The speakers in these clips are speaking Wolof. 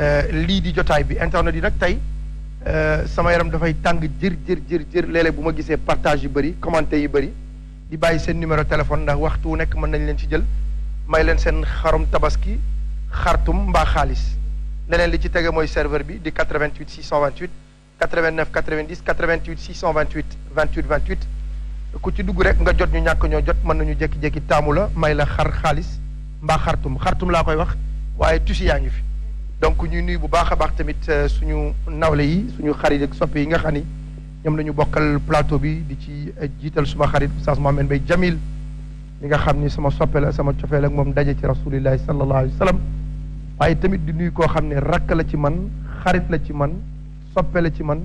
Euh, lii di jotaay bi internet yi nag tey euh, sama yaram dafay tàng jër jër jër jër bu ma gisee partage yu bëri commenté yi bëri di bàyyi seen numéro téléphone ndax waxtu wu nekk mën nañ leen ci jël may leen seen xarum tabaski xartum mbaa xaalis leneen li ci tege mooy serveur bi di 88 628 89 90 88 628 28 28 ku ci dugg rek nga jot ñu ñàkk ñoo jot mën nañu jékki-jékki taamu la may la xar xaalis mbaa xartum xartum laa koy wax waaye tusi yaa ngi fi donc ñuy nuyu bu baax a baax tamit euh, suñu nawle yi suñu xarit ak soppe yi nga xam ni ñoom la ñu bokkal plateau bi di ci euh, jiital suma xarit Oustaz Mohamed Mbaye li nga xam ni sama soppe sama cofeel ak moom daje ci rasulillahi sallallahu alayhi wa waaye tamit di nuyu koo xam ne rakk la ci man xarit la ci man soppe la ci man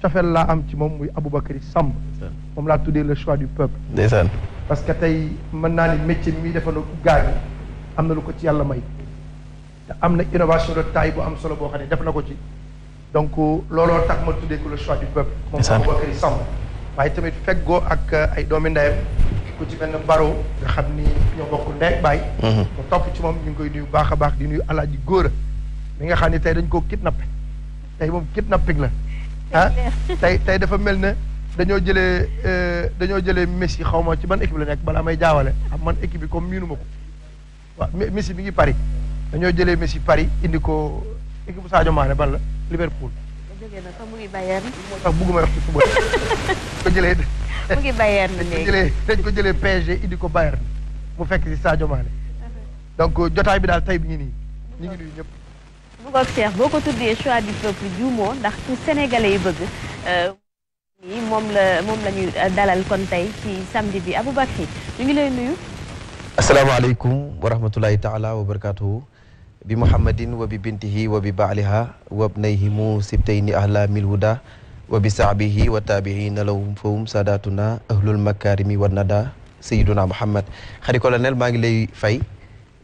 cofeel laa am ci moom muy Aboubacry Samb moom laa tuddee le choix du peuple ndeysaan parce que tey mën naa ni métier mi muy defandoo gaa am na lu ko ci yàlla may am na innovation de taille bu am solo boo xam ne def na ko ci donc looloo tax ma tuddee ko le choix du peuple moom Aboubacry Samb waaye tamit feggoo ak ay doomi ndeyam ku ci benn xam ni ñoo bokk ndey baay mm-hmm. mu topp ci moom ñu ngi koy nuyu baax a baax di nuyu alaaji góor mi nga xam ne tey dañ koo kidnappé tey moom kidnapping la ah tey tey dafa mel ne dañoo jëlee euh, dañoo jëlee Messi xaw ma ci man équipe la nekk balaa may jaawale am ah, man équipe bi comme miinu ko waaw Messi mi ngi Paris dañoo jëlee Messi Paris indi ko équipe bu Sadio la Liverpool. jógee na sax mu ngi Bayern. moo tax bëgguma wax ci football. ko jëlee. mu ngi Bayern léegi dañ ko jëlee PSG indi ko Bayern mu fekk si Sadio Mané. donc jotaay bi daal tey bi ñu nii. ñu ngi nuyu ñëpp. bu ko seex boo ko tuddee choix du peuple juumoo ndax ci sénégalais yi bëgg. nii euh, moom la moom la ñu euh, dalal kon tey ci samedi bi Aboubacry ñu ngi lay nuyu. asalaamaaleykum wa rahmatulahi taala wa bi muhammadin wa bi bintihi wa bi baaliha wa bnayhimu sibtayni ahla mil huda wa bi sahbihi wa taabiina lahum fahum sadatuna ahlul makarimi wa nada sayiduna muhammad xari colonel maa ngi lay fay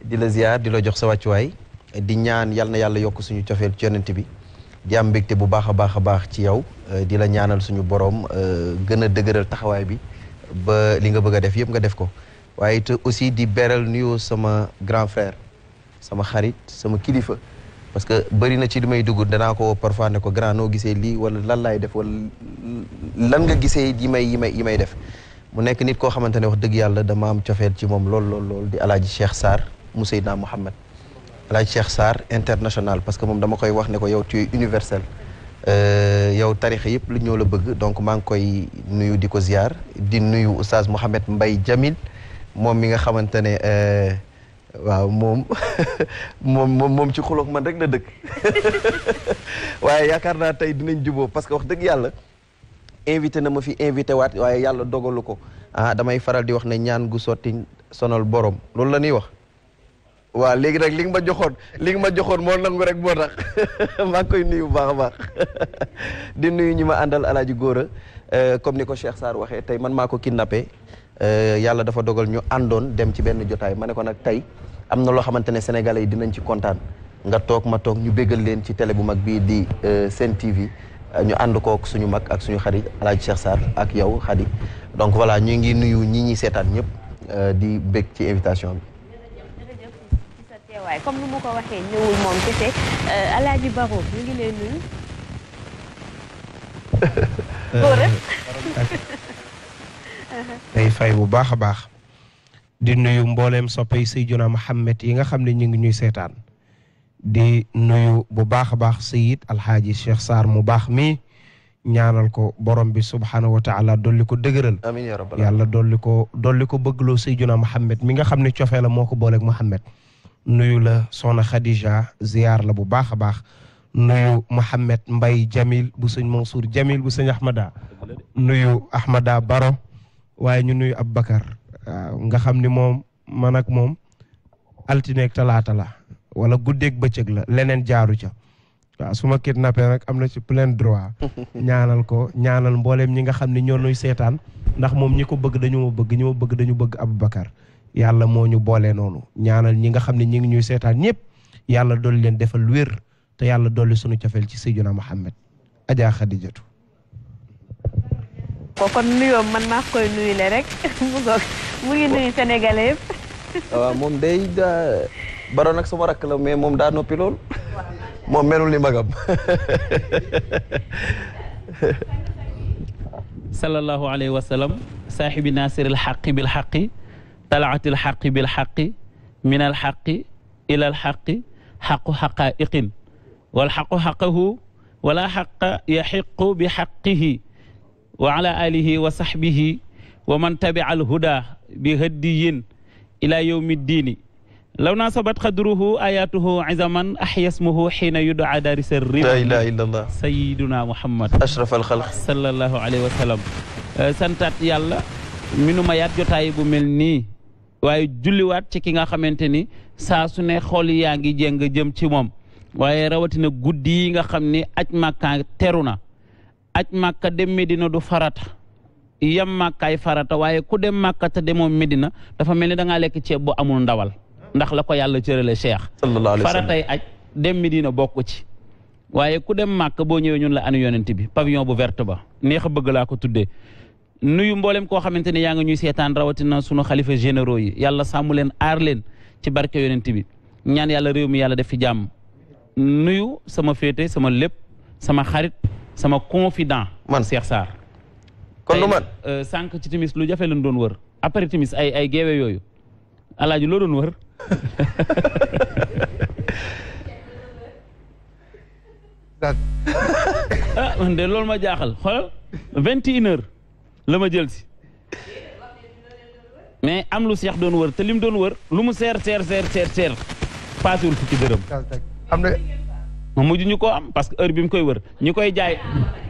di la ziar di la jox sa wàccuwaay di ñaan yal na yàlla yokk suñu cofeel ci bi di am mbégte bu baax a baax a baax ci yow eh, di la ñaanal suñu borom eh, gën a dëgëral taxawaay bi ba li nga bëgg a def yëpp nga def ko waaye te aussi di beral nuyoo sama grand sama xarit sama kilifa parce que bëri na ci li may dugg danaa ko parfois ne ko grand noo gisee lii wala lan laay def wala lan nga gisee yi may yi may yi may def mu nekk nit koo xamante ne wax dëgg yàlla dama am cofeel ci moom lool lool lool di alaaji Cheikh saar mu Seydina Mouhamed alaaji Cheikh Sarr international parce que moom dama koy wax ne ko yow tu es universel euh, yow tarixa yëpp lu ñoo la bëgg donc maa ngi koy nuyu di ko ziar di nuyu oustaz Mouhamed mbay Jamil moom mi nga xamante ne euh, waaw moom moom moom ci xuloog man rek na dëkk waaye yaakaar naa tey dinañ juboo parce que wax dëgg yàlla invité na ma fi invité waat waaye yàlla dogalu ko ah damay faral di wax ne ñaan gu sotti sonal borom loolu la ñuy wax waaw léegi nag li nga ma joxoon li ma joxoon moo nangu rek moo tax maa ngi koy nuyu baax baax di nuyu ñi ma àndal alaaji góora euh, comme ni ko Cheikh Sarr waxee tey man maa ko kidnappé Euh, yàlla dafa dogal ñu àndoon dem ci benn jotaay ma ne ko nag tey am na loo xamante ne sénégalais yi dinañ ci kontaan nga toog ma toog ñu béggal leen ci tele bu mag bii di euh, Sen TV euh, ñu ànd kook suñu mag ak suñu xarit El Hadj Cheikh ak yow Khady donc voilà ñu ngi nuyu ñi ñi seetaan ñëpp di bég ci invitation bi. day fay bu baax a baax di nuyu mbooleem soppay Seydina Muhammad yi nga xam ne ñu ngi ñuy seetaan di nuyu bu baax a baax Seyid Alxaaji Cheikh Sarr mu baax mi ñaanal ko borom bi subhaanahu wa taala dolli ko dëgëral amiin yaa rabbal yàlla dolli ko dolli ko bëggloo Seydina Muhammad mi nga xam ne cofee la moo ko booleeg Muhammad nuyu la sona Khadija ziyaar la bu baax a baax nuyu Mouhamed Mbay Jamil bu sëñ Mansour Jamil bu sëñ Ahmada nuyu Ahmada Baro waaye ñu nuyu Aboubacar waaw nga xam ni moom man moom altineek ak talaata la wala ba cëg la leneen jaaru ca waaw su ma kidnappé nag am na ci plein droit ñaanal ko ñaanal mbooleem ñi nga xam ne ñoo nuy seetaan moom ñi ko bëgg dañu bëgg ñi bëgg dañu bëgg Aboubacar yàlla moo ñu boole noonu ñaanal ñi nga xam ne ñi ngi ñuy seetaan ñëpp yàlla dolli leen defal wér te yàlla dolli sunu cofeel ci Seydina Muhammad Adja Khadijatu ko kon nuyoom man maa koy nuyu le rek mu goog mu ngi nuyu sénégalais yëpp waaw moom day daa baroon ak sama rakk la mais moom daa noppi lool moom melul ni magam sallallahu alayhi wa sallam saaxibi naasir alxaqi bilxaqi talaati alxaqi bilxaqi min alxaqi ila alxaqi xaqu xaqaiqin walxaqu xaqahu wala xaqa yaxiqu bi xaqihi wa ala alihi wa sahbihi wa man tabia al huda bi haddiyin ila yawmi ddiini law naa sabat xadruhu ayatuhu izaman ahyasmuhu xiina yudaa daarisa rib la ilaha illa allah sayiduna muhammad ashraf al xalq sallallahu alayhi wa sallam eh, santaat yàlla mi nu ma yaat jotaay bu mel nii waaye julliwaat ci ki nga xamante ni saa su ne xool yaa ngi jéng jëm ci moom waaye rawatina guddi yi nga xam ni aj màkkaa teru na aj màkka dem Medina du farata yam màkkaay farata waaye ku dem màkka te demoo Medina dafa mel ni da ngaa lekk ceeb bu amul ndawal ndax la ko yàlla cërale cheikh faratay aj dem Medina bokk ci waaye ku dem màkk boo ñëwee ñun la anu yonent bi pavillon bu verte ba neex a bëgg laa ko tuddee nuyu mboolem koo xamante ne yaa ngi ñuy seetaan rawatina sunu xalifa généraux yi yàlla sàmm leen aar leen ci barke yonent ñaan yàlla réew mi yàlla def fi jàmm nuyu sama féete sama lépp xarit sama confident man Cheikh Sarr kon lu man euh, sànq ci timis lu jafe lañ doon wër après timis ay ay geewe yooyu alaaji loo doon wër ah man de loolu ma jaaxal xoolal vingt et une heures la ma jël si mais am lu seex doon wër te lim doon wër lu mu seer seer seer seer seer paasewul fukki dërëm am na moom mujj ñu ko am parce que heure bi mu koy wër ñi koy jaay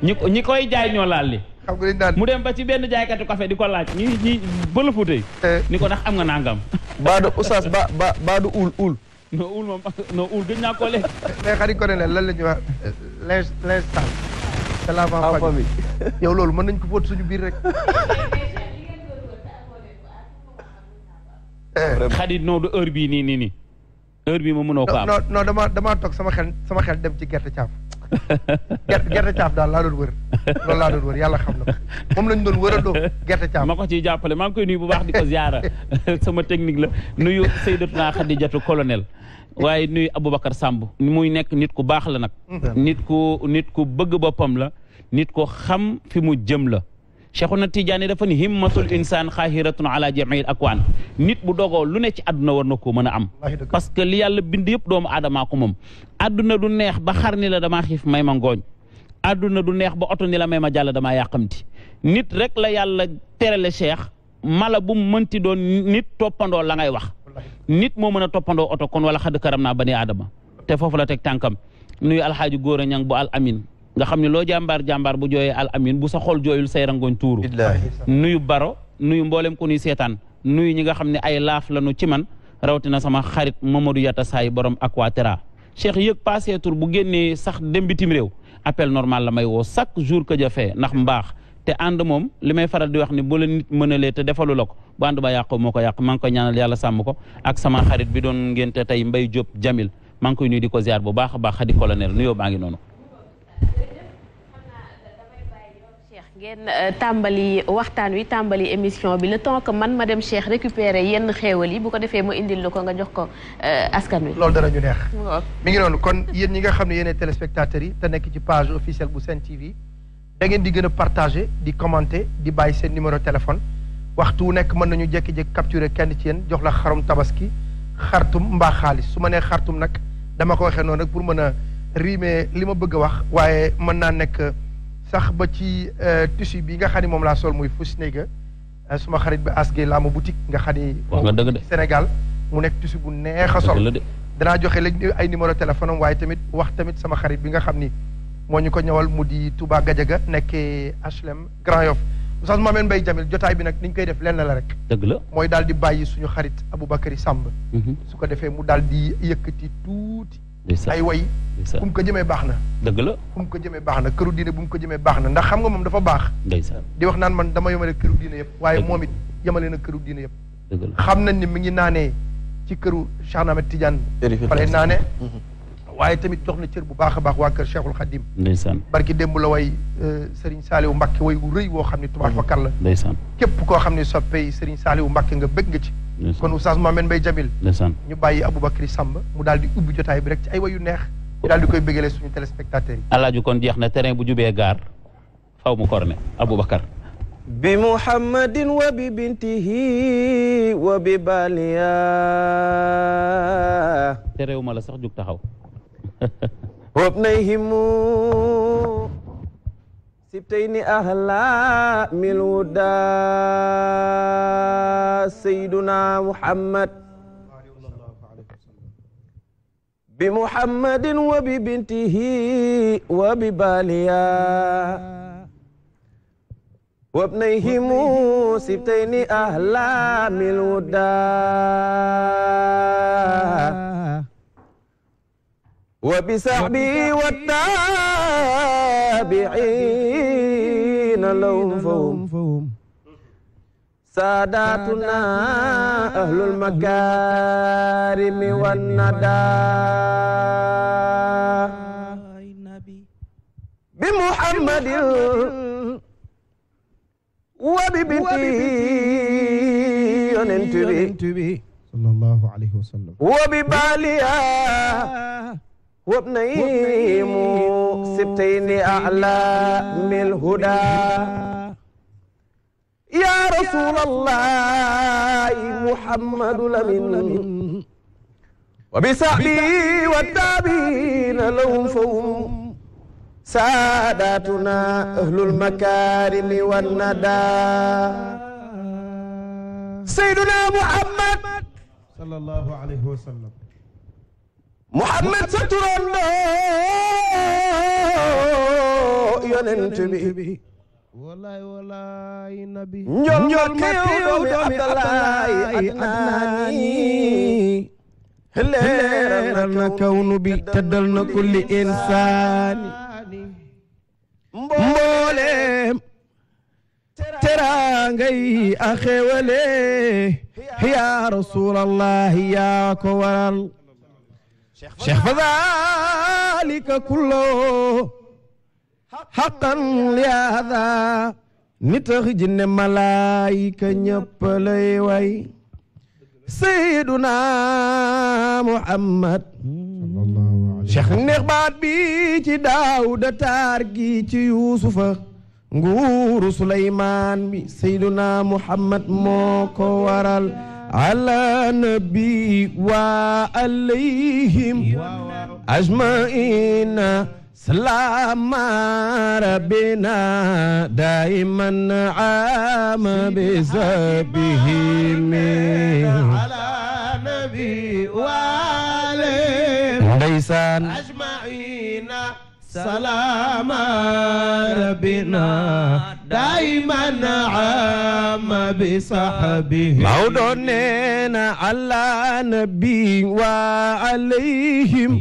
ñi ñi koy jaay ñoo laal li mu dem ba ci benn jaaykatu café di ko laaj ñi ñi eh. ni ko ndax am nga nangam baadu oustaz ba ba baadu uul uul non uul moom non uul gëj naa koo lekk mais ko ne la lan la ñuy wax linge linge sale c'est l'avant famille yow loolu mën nañ ko fóot suñu biir rek xarit non bii nii nii nii heure bii ma mënoo ko am non non damaa toog sama xel sama xel dem ci gerte caaf. gerte gerte caaf daal laa doon wër loolu laa doon wër yàlla xam na moom lañ doon gerte caaf. ma ko ciy jàppale maa ngi koy nuyu bu baax di ko ziara sama technique la nuyu Seydatuna Xadijatu kolonel waaye nuyu Aboubacar Samb muy nekk nit ku baax la nag. Mm-hmm. nit ku nit ku bëgg boppam la. nit ku xam fi mu jëm la. Cheikhuna Tidiane dafa ni himmatul insaan xaahiratun ala jamiil akwaan nit bu dogoo lu ne ci àdduna war na koo a am parce que li yàlla bind yëpp doomu aadamaa ko moom àdduna du neex ba xar ni la damaa xiif may ma ngooñ àdduna du neex ba oto ni la may ma jàll damaa yàqamti nit rek la yàlla terale cheikh mala bu mu mënti doon nit toppandoo la ngay wax nit moo mën a toppandoo oto kon wala xadd karam naa bani aadama te foofu la teg tànkam nuyu alxaaji góor a ñang bu al nga xam ne loo jàmbaar jàmbaar bu jooyee al amin bu sa xol jooyul say rangoñ tuuru nuyu baro nuyu mboolem ko seetaan nuyu ñi nga xam ne ay laaf lañu ci man rawatina sama xarit Mamadou Yatta Saay borom Aquatera cheikh yëg passé tour bu génnee sax dem bitim réew appel normal la may woo chaque jour que jafee ndax mbaax te ànd moom li may faral di wax ni bu le nit mënalee te defalu la ko bu ba yàqoo moo ko yàq maa ngi koy ñaanal yàlla sàmm ko ak sama xarit bi doon ngénte tey Mbay Jóob Jamil maa ngi ko ziar bu baax a baax xadi colonel nuyoo baa ngi noonu Cheikh ngeen euh, tàmbali waxtaan wi tàmbali émission bi le temps que man ma dem Cheikh récupérer yenn xéewal yi bu ko defee ma indil la ko nga jox ko euh, askan wi. loolu dara ñu neex. mu ngi noonu kon yéen ñi nga xam ne yéenay téléspectateurs yi te nekk ci page officielle bu Sen TV da ngeen di gën a partager di commenter di bàyyi seen numéro téléphone waxtu wu nekk mën nañu jékki-jékki capturer kenn ci yéen jox la xarum tabaski xartum mbaa xaalis su ma nee xartum nag dama ko waxee noonu rek pour mën a. riime li ma bëgg a wax waaye mën naa nekk sax ba ci euh, tissu bi nga xam ne moom laa sol muy Fusnega euh, sama xarit bi asge laa ma boutique nga xam ni wax nga dëgg de Sénégal mu nekk tissu bu neex a sol danaa joxe léegi ay numéro téléphone am waaye tamit wax tamit sama xarit bi nga xam ni moo ñu ko ñëwal mu di tubaa Gajaga nekkee HLM Grand Yoff Oustaz Mamène Mbaye Jamil jotaay bi nag ni koy def lenn la rek dëgg la mooy daal di bàyyi suñu xarit Aboubacry Samb mhm. su ko ay way bu mu ko jëmee baax na dëgg la bu mu ko jëmee baax na këru bu mu ko jëmee baax na ndax xam nga moom dafa baax di wax naan man dama yemale këru diine yëpp waaye moom it yemale na këru diine yëpp xam nañ ni mi ngi naanee ci këru Cheikh Ahmed Tidiane fale naane mm-hmm. waaye tamit jox na cër bu baax a baax waa kër Cheikhul Khadim ndeysaan barki démb la way euh, Serigne Saliou Mbacke way wu rëy woo xam ne tubaab fakal la ndeysaan képp koo xam ne soppey Serigne Saliou Mbacke nga bëgg nga ci kon oustaz Mohamed Mbaye Jamil ñu bàyyi Aboubacry Samb mu daal di ubbi jotaay bi rek ci ay wayu neex ñu daal di koy bégalee suñu téléspectateurs yi alaaju kon jeex na terrain bu jubee gaar faw mu korne Aboubacar bi muhammadin wa bi bintihi wa bi baliya terewu ma la sax jug taxaw wabnayhimu sibtayni ahla mil wuda sayyiduna muhammad bi muhammadin wa bi bintihi wa bi baliya wa ibnayhimu sibtayni ahla mil wuda wa bi sahbi wa tabi'in لهم فهم ساداتنا أهل المكارم والندى بمحمد وببنته ينتبه صلى الله عليه وسلم وبباليا وابن إيم سبتين أعلى من الهدى يا رسول الله محمد لمن وبسعبه والتابعين لهم فهم ساداتنا أهل المكارم والندى سيدنا محمد صلى الله عليه وسلم muhammad sa turandoo yonent bi walaay walaay nabi njol njol ka yow doomi abdalaay adnaani leeral na kawnu bi teddal na kulli insaani mbooleem teraangay a xewale yaa rasulallahi yaa ko waral cheikh fa dalika kullo xaqan li hada ni tax jinne malaayika ñëpp lay way sayyiduna muhammad cheikh neex baat bi ci daawuda taar gi ci yuusufa nguuru suleymaan bi sayyiduna muhammad moo ko waral على نبي وعليهم أجمعين سلام ربنا دائما عام بسبهم على نبي وعليهم سلام ربنا دايما عام بصحبه موضوعنا على نبي وعليهم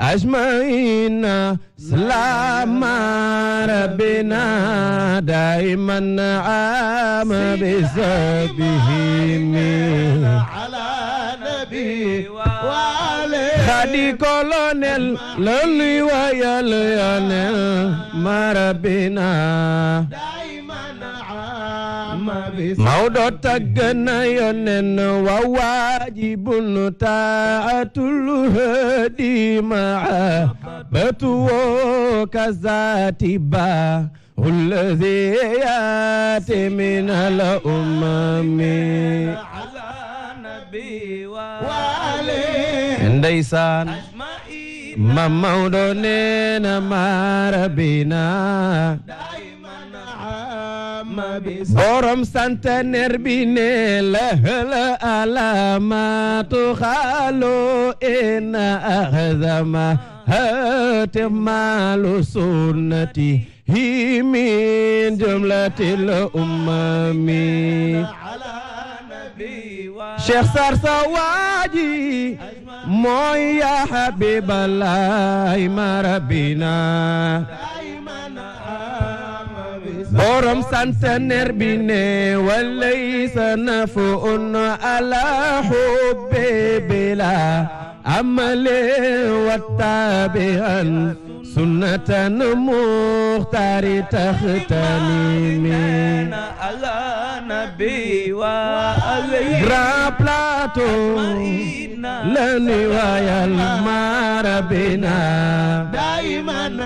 أجمعين سلام ربنا دايما عام بصحبه على xadi kolonel loluy wayal yonel marabina mawdo tagg na yonen wa waajibun taatul hadi maa batuwoo kazatiba الذي ياتي من الامم ndeysaan ma Maodo na ma rabina borom santaneer bi ne la hëla alamaatu xaaloo en axzama hëte maalu sunnati hi min jumlatil ummami Cheikh Sarr sa waaji mooy yaa habiballahi ma rabbina borom santener bi ne walaysa nafuun ala hubbi bila amale wa tabi'an sunnatan muxtaari taxtanimi ala nabi wa alayhi Grand Plateau la nuy waayal maarabina daiman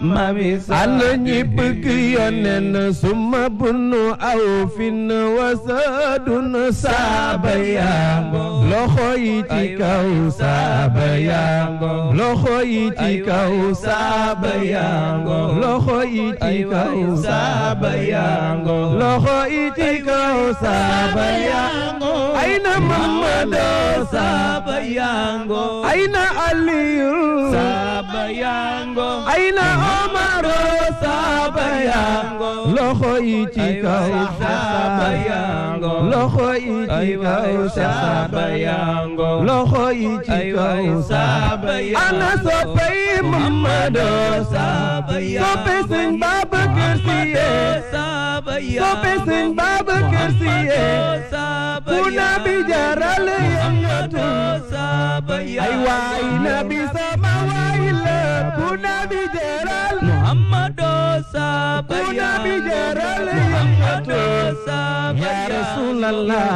mami sa ana ñi bëgg yonen suma bunu aw fin wasadun saaba yango loxo yi ci kaw saaba yango loxo yi ci kaw saaba yango loxo yi ci kaw saaba yango loxo yi ci kaw saaba yango ayna mamado saaba yango ayna aliyu saaba yango ayna Omaro saaba yango loxo yi ci kaw saaba yango loxo yi ci kaw saaba yango loxo yi ci kaw saaba yango ana soppe yi Muhammadu saaba yango soppe sëñ Babakar Si ye saaba yango soppe sëñ Babakar Si ye saaba yango ku nabi jaral yamatu saaba yango ay waay nabi sama waay la ku nabi jaral محمد صابيا محمد صابيا يا رسول الله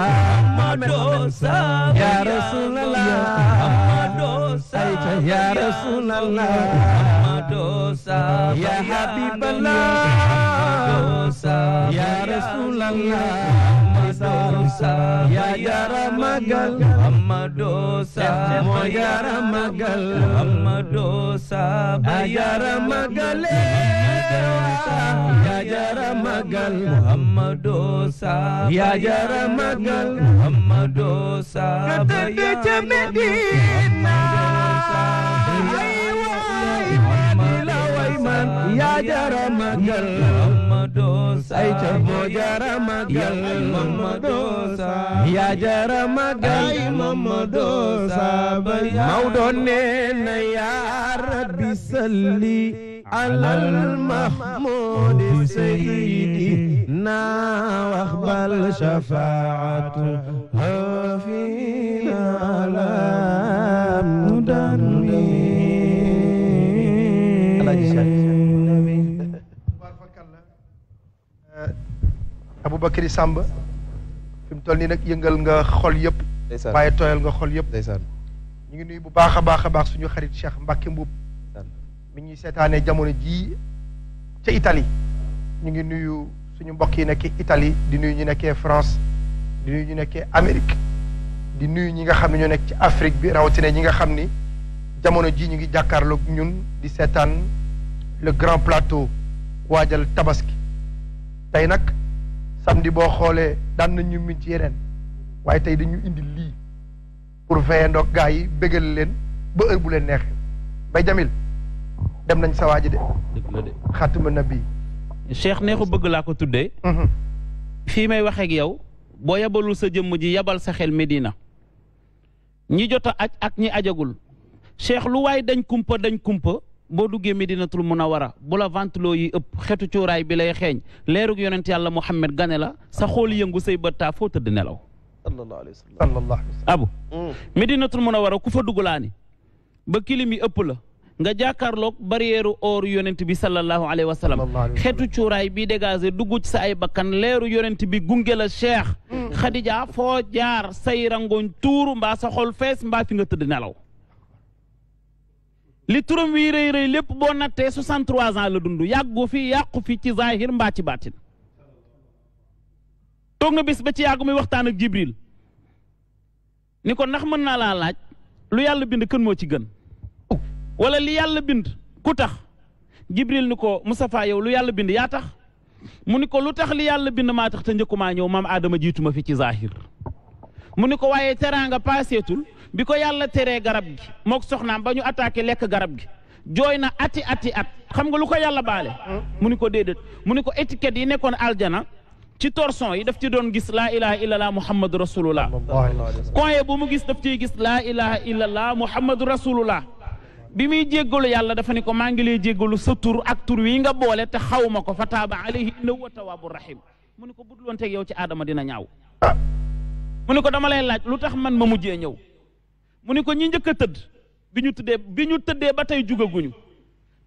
محمد صابيا يا رسول الله محمد صابيا يا رسول الله محمد صابيا يا حبيب الله يا رسول الله Sall yaa yara magal Amadou Sall moo yara magal Amadou Sall a yara magale yaa jara magal Muhammadu Sall yaa jara magal Muhammadu Sall ka tëdd ca Medina ay waay man yaa jara magal Mamadou Sarr ay ca moo jara magal ay Mamadou Sarr yaa jara magal ay Mamadou Sarr ba Mawdo nee na yaa rabbi salli alal mahmoud sayyidi na wax bal shafaatu hafina alam mudarmi bokki Samb fi mu toll nii nag yëngal nga xol yëpp. waaye tooyal nga xol yëpp. ñu ngi nuy bu baax a baax a baax suñu xarit Cheikh Mbacke Mbuub mi ñuy seetaanee jamono jii ca Italie ñu ngi nuyu suñu mbokk yi nekkee Italie di nuyu ñu nekkee France di nuyu ñu nekkee Amérique di nuyu ñi nga xam ne ñu nekk ci Afrique bi rawatina ñi nga xam ni jamono jii ñu ngi jàkkaarlook ñun di seetaan le grand plateau waajal tabaski tey nag. samedi boo xoolee daan nañ ñu min ci yeneen waaye tey dañu indi lii pour veiller ndox gaa yi bégal leen ba heure bu leen neexee bay jamil dem nañ sa waaji de xatuma na bii cheikh neexu bëgg laa ko tuddee mm-hmm. fii may waxee ak yow boo yabalul sa jëmm ji yabal sa xel Medina ñi jot a aj ak ñi ajagul cheikh lu waay dañ kumpa dañ kumpa boo duggee medinatul a bu la venteloo yi ëpp xetu cuuraay bi lay xeeñ leerug yonent yàlla Muhammad gane la sa xool yëngu say bët taa foo tëdd nelaw sallallahu alayhi wa sallam abu mm. medinatul munawara ku fa dugg ni ba kilim yi ëpp la nga jàkkaarloog barrière or yonent bi sallallahu alayhi wa sallam xetu cuuraay bi dégagé dugg ci sa ay bakkan leeru yonent bi gunge la cheikh xadija mm. foo jaar say rangoñ tuuru mba sa xol fees mbaa fi nga tëdd nelaw li turam wii rëy rëy lépp boo nattee 63 ans la dund yàggu fi yàqu fi ci zahir mbaa ci baatin toog na bis ba ci yàggu mi waxtaan ak Jibril ni ko ndax mën naa laa laaj lu yàlla bind kën moo ci gën wala li yàlla bind ku tax Jibril ni ko Moustapha yow lu yàlla bind yaa tax mu ni ko lu tax li yàlla bind maa tax te njëkkumaa ñëw maam Aadama jiituma fi ci zahir mu ni ko waaye teraanga paaseetul bi ko yàlla teree garab gi mook soxnaam ba ñu attaqué lekk garab gi jooy na ati ati at xam nga lu ko yàlla baale mu ni ko déedéet mu ni ko étiquette yi nekkoon aljana ci torson yi daf ci doon gis la laa ilaha illallah muhammadu rasulullah koye boo mu gis daf ciy gis la laa ilaha illallah muhammadu rasulullah bi muy jéggalu yàlla dafa ni ko maa ngi lay jéggalu sa tur ak tur wi nga boole te xaw ko fa taaba alayhi innahu wa tawaabu rahim mu ni ko budloon teg yow ci aadama dina ñaaw mu ko dama lay laaj lu tax man ma mujjee ñëw mu ni ko ñi njëkk a tëdd bi ñu tëddee bi ñu tëddee ba tey jugaguñu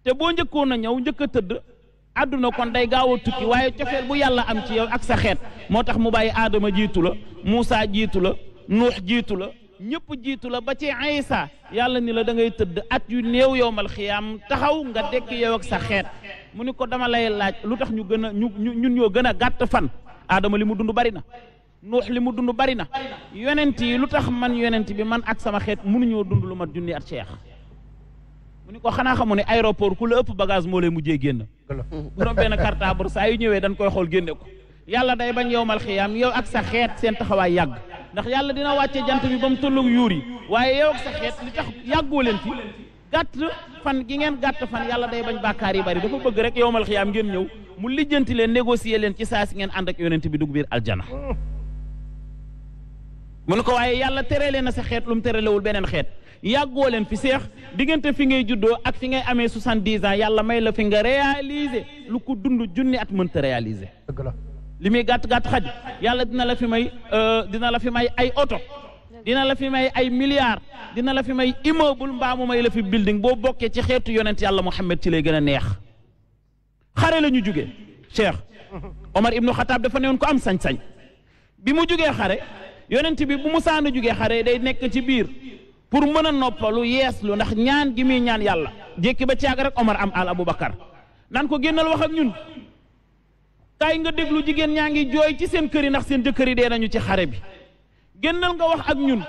te boo njëkkoon a ñëw njëkk a tëdd adduna kon day gaaw a tukki waaye cofeel bu yàlla am ci yow ak sa xeet moo tax mu bàyyi aadama jiitu la Muusa jiitu la Nuux jiitu la ñëpp jiitu la ba ci Isa yàlla ni la da ngay tëdd at yu néew yowmal xiyaam taxaw nga dekk yow ak sa xeet mu ni ko dama lay laaj lu tax ñu gën a ñu ñun ñoo gën a gàtt fan aadama li mu dund bari na nuux li mu dund bari na yonent yi lu tax man yonent bi man ak sama xeet mënuñoo dund lu mat junni ceex mu ni ko xanaa xamu ne aéroport ku la ëpp bagage moo mu jee génn borom benn cartable saa yu ñëwee dañ koy xool génne ko yàlla day bañ yowmal xiyaam yow ak sa xeet seen taxawaay yàgg ndax yàlla dina wàcce jant bi ba mu tollug yuur yi waaye yow ak sa xeet li tax yàggoo leen fi gàtt fan gi ngeen gàtt fan yàlla day bañ bàkkaar yi bari dafa bëgg rek yowmal xiyaam ngeen ñëw mu lijjanti leen négocier leen ci saa si ngeen ànd ak yonent bi dugg biir mu ne ko waaye yàlla terelee na sa xeet lu mu terelewul beneen xeet yàggoo leen fi seex diggante fi ngay juddoo ak fi ngay amee soixante-dix ans yàlla may la fi nga réaliser lu ko dund junni at mënta réaliser dëgg la li muy gàtt gàtt xaj yàlla dina la fi may euh, dina la fi may ay oto dina la fi may ay milliards dina la fi may immeuble mbaa mu may la fi building boo bokkee ci xeetu yonent yàlla Muhammad ci lay gën a neex xare la ñu jugee Cheikh Omar Ibnu Xataab dafa newoon ko am sañ-sañ yonent bi bu musaana jógee xare day nekk ci biir pour mën a noppalu yeeslu ndax ñaan gi ñaan yàlla jékki ba caag rek Omar am al Aboubacar naan ko génnal wax ak ñun kaay nga déglu jigéen ñaa ngi jooy ci seen kër yi ndax seen jëkkër yi dee nañu ci xare bi génnal nga wax ak ñun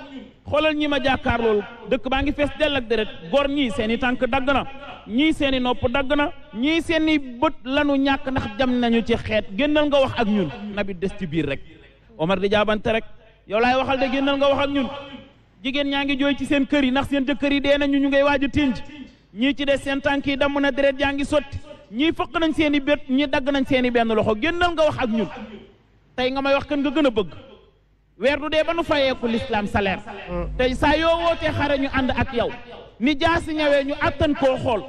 xoolal ñi ma jàkkaar loolu dëkk baa ngi fees dell ak deret gor ñii seeni tànk dagg na ñii seeni nopp dagg na ñii seeni bët lanu ñàkk ndax jam nañu ci xeet génnal nga wax ak ñun des ci biir rek Omar rek yow laay waxal de génnal nga wax ak ñun jigéen ñaa ngi jooy ci seen kër yi ndax seen jëkkër yi dee nañu ñu ngay waaj a tinj ñii ci des seen tànk yi damm na deret yaa ngi sotti ñii fëq nañ seeni bët ñii dagg nañ seen benn loxo génnal nga wax ak ñun tey nga may wax kën nga gën a bëgg weer du dee ba nu fayeeku l'islam salaire tey saa yoo wootee xare ñu ànd ak yow ni jaasi ñawee ñu àttan koo xool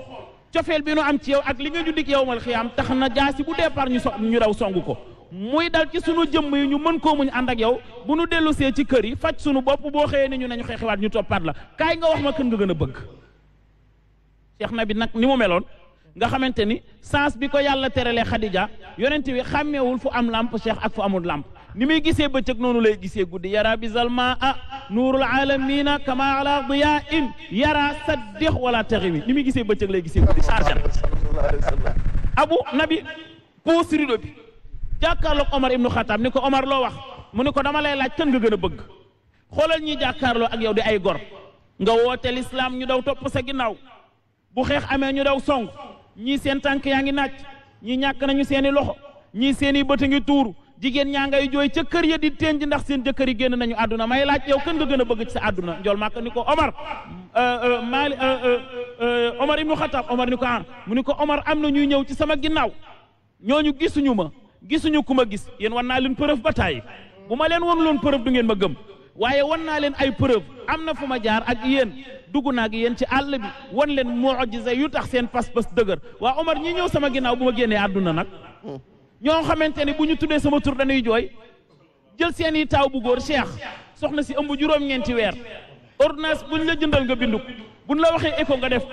cofeel bi nu am ci yow ak li nga ñu dig yow mal xiyaam tax na jaasi bu départ ñu so ñu daw song ko muy dal ci sunu jëmm yi ñu mën koo muñ ànd ak yow bu nu dellusee ci kër yi faj sunu bopp boo xëyee ni ñu nañu xeexiwaat ñu toppaat la kaay nga wax ma kën nga gën a bëgg Cheikh Nabi nag ni mu meloon nga xamante ni sens bi ko yàlla teralee Khadija yonent wi xàmmeewul fu am làmp Cheikh ak fu amul làmp ni muy gisee bëccëg noonu lay gisee guddi yara bi zalma a nuurul alamina kama ala diya in yara saddix wala taximi ni muy gisee bëccëg lay gisee guddi chargé jàkkaarloog Omar ibnu Xataab ni ko Omar loo wax mu ni ko dama lay laaj kan nga gën a bëgg xoolal ñi jàkkaarloo ak yow di ay gor nga woote lislaam ñu daw topp sa ginnaaw bu xeex amee ñu daw song ñii seen tànk yaa ngi naaj ñii ñàkk nañu seeni loxo ñii seeni bët a ngi tuur jigéen ñaa ngay jooy ca kër ya di teen ji ndax seen jëkkër yi génn nañu àdduna may laaj yow kan nga gën a bëgg ci sa àdduna njool màkk ni ko Omar euh, euh, maali euh, Omar ibnu Xataab Omar ni ko ah. mu ni ko Omar am na ñuy ñëw ci sama ginnaaw ñooñu gisuñu ma gisuñu ku ma gis yéen wan naa leen preuve ba tàyyi bu ma leen won loon preuve du ngeen ma gëm waaye wan naa leen ay preuve am na fu ma jaar ak yéen dugg naa ak yéen ci àll bi wan leen moo mucjisa yu tax seen pas-pas dëgër waa Omar ñi ñëw sama ginnaaw bu ma génnee aduna nag ñoo xamante ne bu ñu tuddee sama tur dañuy jooy jël seeni i taaw bu góor soxna si ëmb juróom-ñeenti weer ordonnance buñ la jëndal nga bindu bu nu la waxee écho nga def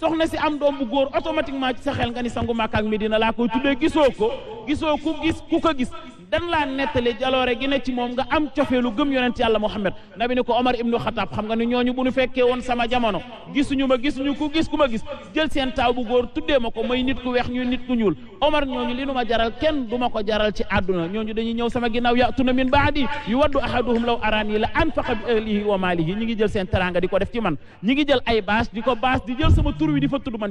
soxna si am doom bu góor automatiquement ci sa xel nga ni sangu Makka ak Medina laa koy tuddee gisoo ko gisoo ku gis ku ko gis dan laa nettali jaloore gi ne ci moom nga am cofeelu gëm yonent yàlla Muhammad nabi ni ko Omar ibnu Xataab xam nga ni ñooñu bu ñu fekkee woon sama jamono gisuñu ma gisuñu ku gis ku ma gis jël seen taaw bu góor tuddee ma ko may nit ku weex ñuy nit ku ñuul Omar ñooñu li nu ma jaral kenn du ma ko jaral ci àdduna ñooñu dañuy ñëw sama ginnaaw ya'tuna min ba'di yu waddu ahaduhum law araani la anfaqa bi ahlihi wa maalihi ñi ngi jël seen teranga di ko def ci man ngi jël ay baas di ko baas sama tur wi di fa tudd man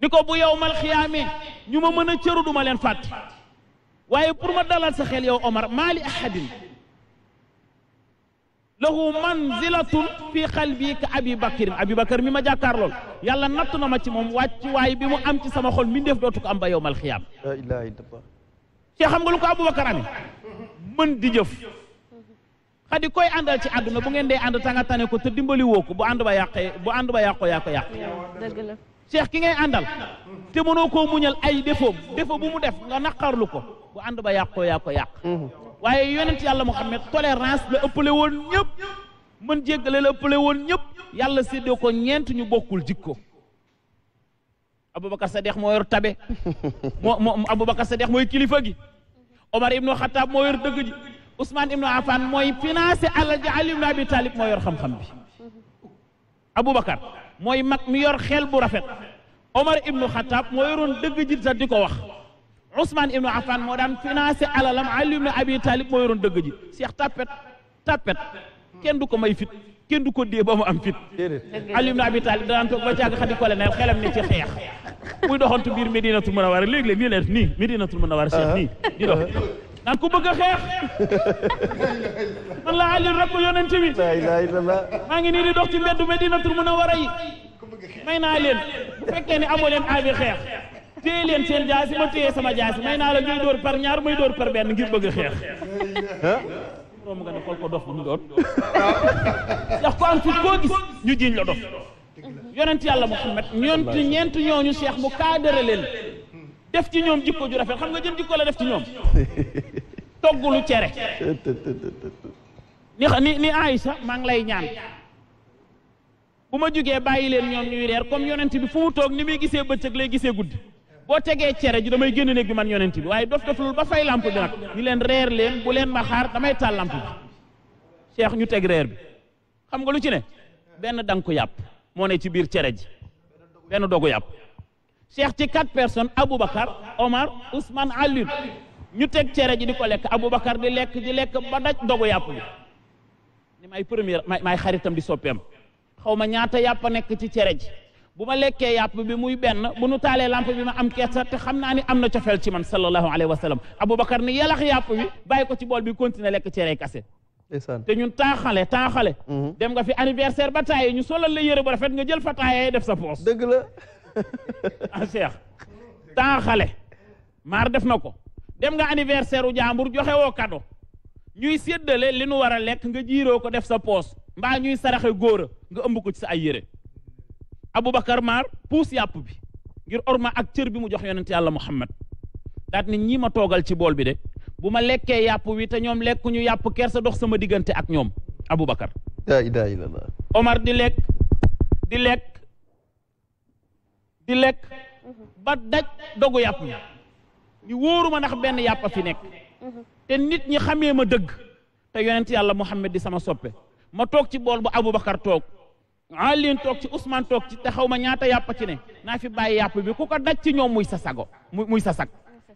ni ko bu yow mal xiyaamee ñu ma mën a cëru ma leen fàtte waaye pour ma dalal sa xel yow Omar maa li ahadin lahu manzilatun fi qalbi ka abi bakrin abi bakar mi ma jàkkaar lool yàlla natt na ma ci moom wàcc waay bi mu am ci sama xol mi def dootu ko am ba yow mal xiyaam ci xam nga lu ko aboubacar amee mën di jëf xadi koy àndal ci àdduna bu ngeen dee ànd tànga tane ko te dimbali woo ko bu ànd ba yàqee bu ànd ba yàqoo yaa cheikh ki ngay àndal te mënoo koo muñal ay défaut défaut mu def nga naqarlu ko bu ànd ba yàqoo yaa ko yàq mhm. waaye yonent yàlla Muhammad tolérance la ëppale woon ñëpp mën jéggale la ëppale woon ñëpp yàlla séddoo ko ñeent ñu bokkul jikko Aboubacar Sadiq moo yor tabe moo moo Sadiq mooy kilifa gi Omar ibnu Xataab moo yor dëgg ji Ousmane ibnu Affan mooy financé alal ji Ali ibnu Abi Talib xam-xam bi mhm. Aboubacar mooy mag mi yor xel bu rafet Omar ibnu Xataab moo yoroon dëgg ji sax di ko wax Ousmane ibnu Affan moo daan financé alalam Ali ibnu Abi Talib moo yoroon dëgg ji Cheikh tapet tapet kenn du ko may fit kenn du ko dee ba mu am fit Ali ibnu Abi Talib danaan toog ba càgg xadi colonel xelam ne ci xeex muy doxantu biir Medinatul Munawara léegi-léeg nii la def nii Medinatul Munawara Cheikh nii di dox naan ku bëgg a xeex man la Ali rakk yonent bi la ilaha illallah maa ngi nii di dox ci mbeddu Medinatul Munawwara yi may naa leen bu fekkee ne amoo leen aabi xeex téye leen seen jaasi ma téye sama jaasi may naa la ngay dóor par ñaar muy dóor par benn ngir bëgg a xeex room nga ne xool ko dof bu mu doon ndax ko am fit koo gis ñu jiiñ la dof yonent yàlla Muhammad ñeent ñeent ñooñu cheikh mu kaadare leen def ci ñoom jikko ju rafet xam nga jëm jikko la def ci ñoom toggulu cere ni ni Aïcha maa ngi lay ñaan bu ma jugee bàyyi leen ñoom ñuy reer comme yonent bi fu toog ni muy gisee bëccëg lay gisee guddi boo tegee cere ji damay génn néeg bi man yonent bi waaye dof doflul ba fay lamp bi nag ñu leen reer leen bu leen ma xaar damay taal lamp bi cheikh ñu teg reer bi xam nga lu ci ne benn danga ko yàpp moo ne ci biir cere ji benn dogu yàpp cheikh ci quatre personnes Aboubacar Omar Ousmane Alioune ñu teg cere ji di ko lekk Aboubacar di lekk di lekk ba daj dogu yàpp ni may première may xaritam di soppeem xaw ma ñaata yàpp nekk ci cere ji bu ma lekkee yàpp bi muy benn bu nu taalee lamp bi ma am kersa te xam naa ni am na cofeel ci man sallallahu alayhi wa sallam Aboubacar ni yalax yàpp bi bàyyi ko ci bool bi continuer lekk cere kase te ñun taaxale taaxale mhm. dem nga fi anniversaire ba taaye ñu solal la yére bu rafet nga jël fa taaye def ah Cheikh temps xale maar def na ko dem nga anniversaire u jàmbur joxe woo cadeau ñuy séddale li nu war a lekk nga jiiroo ko def sa poos mbaa ñuy saraxe góor a nga ëmb ko ci sa ay yére Aboubacar maar puus yàpp bi ngir orma ak cër bi mu jox yonent yàlla Muhammad daat nit ñi ma toogal ci bool bi de bu ma lekkee yàpp wi te ñoom lekkuñu yàpp ker sa dox sama diggante ak ñoom Aboubacar. la Omar di lekk di lekk di lekk ba daj dogu yàpp mi ni wóoruma ndax benn yàpp a fi nekk te nit ñi xamee ma dëgg te yonent yàlla Muhammad di sama soppe ma toog ci bool bu Aboubacar toog Alioune toog ci Ousmane toog ci te xaw ma ñaata yàpp ci ne naa fi bàyyi yàpp bi ku ko daj ci ñoom muy sa sago muy sa sag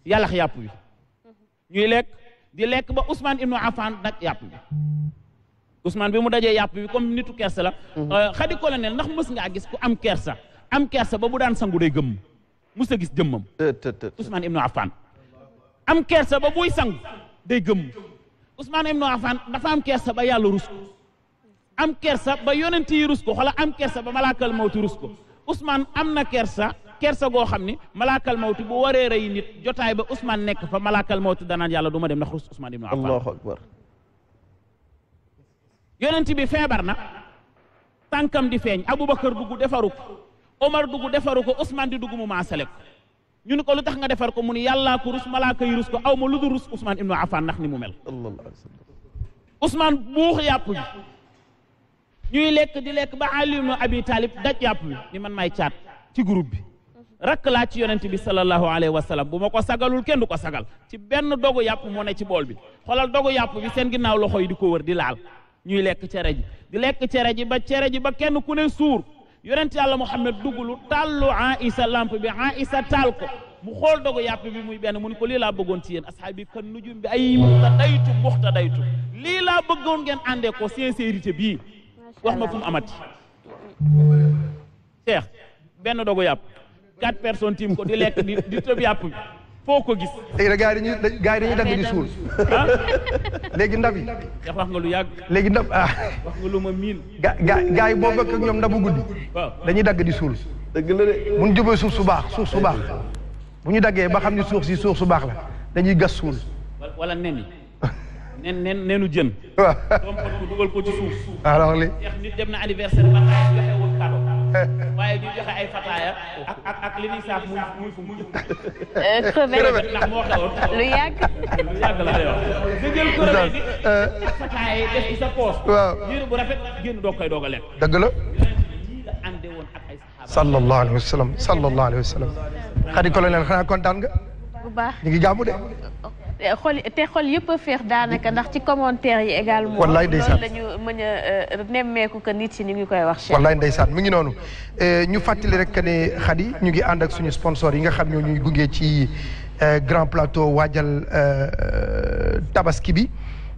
yàllax yàpp bi ñuy lekk di lekk ba Ousmane Ibnu Affan daj yàpp bi Ousmane bi mu dajee yàpp bi comme nitu kersa la xadi ko la ne ndax mës ngaa gis ku am kersa am kersa ba bu daan sangu day gëmm mus a gis jëmmam Ousmane Ibnu Affan am kersa ba buy sangu day gëmm Ousmane Ibnu Affan dafa am kersa ba yàlla rus ko am kersa ba yonent yi rus ko am kersa ba malaakal mawti rus ko am na kersa kersa goo xam ni malaakal mawti bu waree rey nit jotaay ba Ousmane nekk fa malaakal mawti danaan yàlla du ma dem ndax rus Ousmane Ibnu Affan Allahu akbar bi feebar na tànkam di feeñ Aboubacar bugg defaru Omar dugg defaru ko Ousmane di dugg mu maasale ko ñu ni ko lu tax nga defar ko mu ni yàllaa ko rus malaaka yi ko aw ma lu dul rus Ousmane ibnu Affan ndax ni mu mel Ousmane buux yàpp bi ñuy lekk di lekk ba Ali Abi Talib daj yàpp bi ni man may caat ci groupe bi rakk laa ci yonent bi sallallahu alayhi wa sallam bu ma ko sagalul kenn du ko sagal ci benn dogu yàpp moo ne ci bool bi xoolal dogu yàpp bi seen ginnaaw loxo yi di ko wër di laal ñuy lekk cere ji di lekk cere ji ba cere ji ba kenn ku ne suur yonent yàlla Muhammad duggulu tàllu isa lamp bi Aïsa taal ko mu xool dogu yàpp bi muy benn mu ne ko lii laa bëggoon ci yéen asxaabi kan nujum bi ay muxtadaytu muxtadaytu lii laa bëggoon ngeen àndee ko sincérité bi wax ma fu amati Cheikh benn dogo yàpp quatre personnes tim ko di lekk di di tëb bi foo ko gis. léegi nag gars yi dañuy gars yi dañuy dagg di suul. Ah. léegi ndab yi. wax nga lu yàgg. léegi ndab ah. wax nga lu ma miin. ga yi boo fekk ak ñoom ndabu guddi. dañuy dagg di suul. dëgg la de bu ñu jubee suuf su baax suuf su baax bu ñu daggee ba xam ni suuf si suuf su baax la dañuy gas suul. wala nen yi. nen jën. waaw. doom ko na anniversaire waaye ñu joxe ay fataaya ak ak ak li ñuy saaf muy muy muy. Euh, crevette ndax moo xewoon. lu yàgg. lu yàgg la lay wax. nga jël crevette bi. Euh, fataaya yi def ci sa poos. waaw yére bu rafet génn doog koy doog a lekk. dëgg la. sallallahu alayhi wa sallam sallallahu alayhi wa sallam. xadi colonel xanaa kontaan nga. bu baax ñu ngi jaamu de. xol te xol yëpp a feex daanaka ndax ci commentaire yi également. wallaay ndeysaan loolu la ñu euh, nemmeeku que nit si ñu ngi koy wax. wallaay ndeysaan mi ngi noonu euh, ñu fàttali rek ne xadi ñu ngi ànd ak suñu sponsor yi nga xam ñoo ñuy gunge ci euh, grand plateau waajal tabaski bi.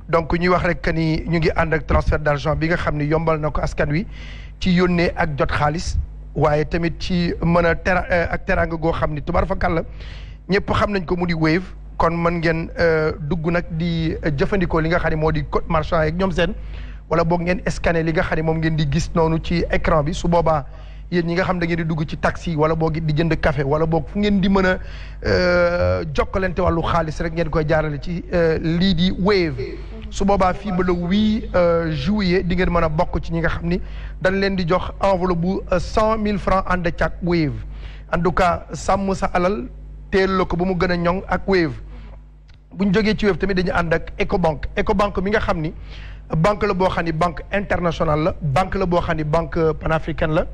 donc ñuy wax rek que ni ñu ngi ànd ak transfert d' bi nga xam ni yombal na ko askan wi ci yónnee ak jot xaalis waaye tamit ci mën a tera ak teraanga goo xam ni tubaar fa kàlla ñëpp xam nañ ko mu di wave kon man ngeen euh, dugg nag di euh, jëfandikoo li nga xam ne moo di code marchand yeeg ñoom seen wala boog ngeen scanner li nga xam ne moom ngeen di gis noonu ci écran bi su boobaa yéen ñi nga xam da ngeen di dugg ci taxi wala boog di jënd kafe wala boog fu ngeen di mën a euh, jokkalante wàllu xaalis rek ngeen koy jaarale ci lii di Wave su boobaa fii ba le huit juillet di ngeen mën a bokk ci ñi nga xam ni dañ leen di jox enveloppe bu cent mille francs ànd ak Wave en tout cas sàmm sa alal teel ko ba mu gën a ñoŋ ak Wave bu ñu jógee ci Wave tamit dañu ànd ak Ecobank Ecobank bi nga xam ni banque la boo xam ni banque internationale la banque la boo xam ni banque panafricaine la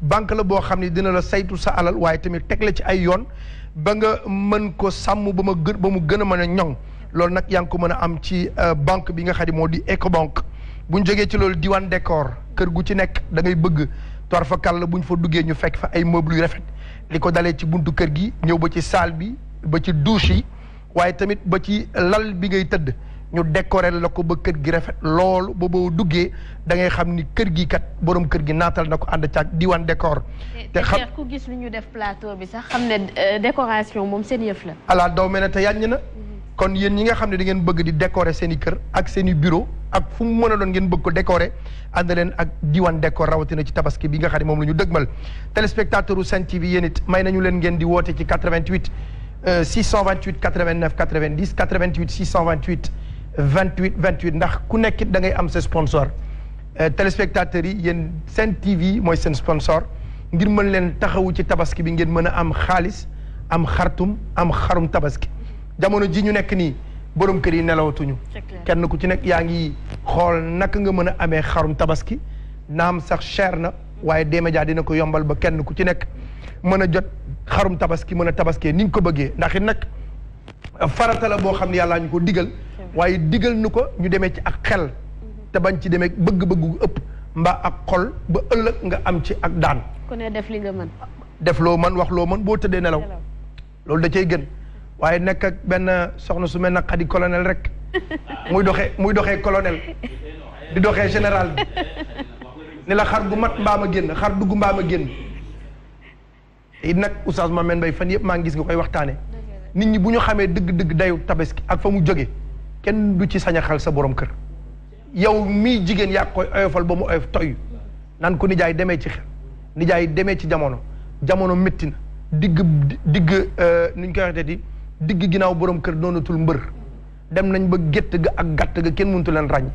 banque la boo xam ni dina la saytu sa alal waaye tamit teg la ci ay yoon ba nga mën ko sàmm ba ma gën ba mu gën a mën a ñoŋ loolu nag yaa ngi ko mën a am ci euh, banque bi nga xam ni moo di Ecobank bu ñu jógee ci loolu diwaan décor kër gu ci nekk da ngay bëgg toor fa kàll fa duggee ñu fekk fa ay meubles yu rafet li ko dalee ci buntu kër gi ñëw ba ci salle bi ba ci douche yi waaye tamit ba ci lal bi ngay tëdd ñu décorer la ko ba kër gi rafet loolu ba boo duggee da ngay xam ni kër gii kat borom kër gi naatal na ko ànd caag diwaan décor. Eh, te xam ku gis lu ñu def plateau bi sax xam ne euh, décoration moom seen yëf la. ala daw mel ne te yàññ na. Mhm. kon yéen ñi nga xam ne da ngeen bëgg di décorer seen i kër ak seen i bureau ak fu mu mën a doon ngeen bëgg ko décorer ànd leen ak diwaan décor rawatina ci tabaski bi nga xam ne moom la ñu dëgmal téléspectateur u Sen TV yéen it may nañu leen ngeen di woote ci 88. 628 89 90 88 628 28 28 ndax ku nekk it da ngay am sa sponsor euh, téléspectateurs yi yéen seen TV mooy seen sponsor ngir mën leen taxawu ci tabaski bi ngeen mën a am xaalis am xartum am xarum tabaski jamono ji ñu nekk nii borom kër yi nelawatuñu kenn ku ci nekk yaa ngi xool naka nga mën a amee xarum tabaski naam sax cher na waaye Dmedia dina ko yombal ba kenn ku ci nekk mën a jot xarum tabaski mën a tabaskee ni nga ko bëggee ndax nag faratala boo xam ne yàllaa ñu ko digal waaye digal nu ko ñu demee ci ak xel te bañ ci demee bëgg-bëggu ëpp mbaa ak xol ba ëllëg nga am ci ak daan ku def li nga mën def loo man wax loo mën boo tëddee nelaw loolu da cay gën waaye nekk benn soxna su mel na xadi colonel rek muy doxee muy doxee colonel di doxee général bi ni la xar gu mat mbaam a génn xar dugg mbaam a génn Eh, nag oustaz Mamène Mbaye fan yëpp ma ngi gis nga koy waxtaane nit ñi bu ñu xamee dëgg-dëgg dayu tabeski ak fa mu jóge kenn du ci sañaxal sa borom kër yow mii jigéen yaa koy oyofal ba mu oyof toy naan ko nijaay demee ci xel nijaay demee ci jamono jamono métti na digg digg euh, nuñ koy waxee di digg ginnaaw borom kër doonatul mbër dem nañ ba gétt ga ak gàtt ga kenn muntu leen ràññ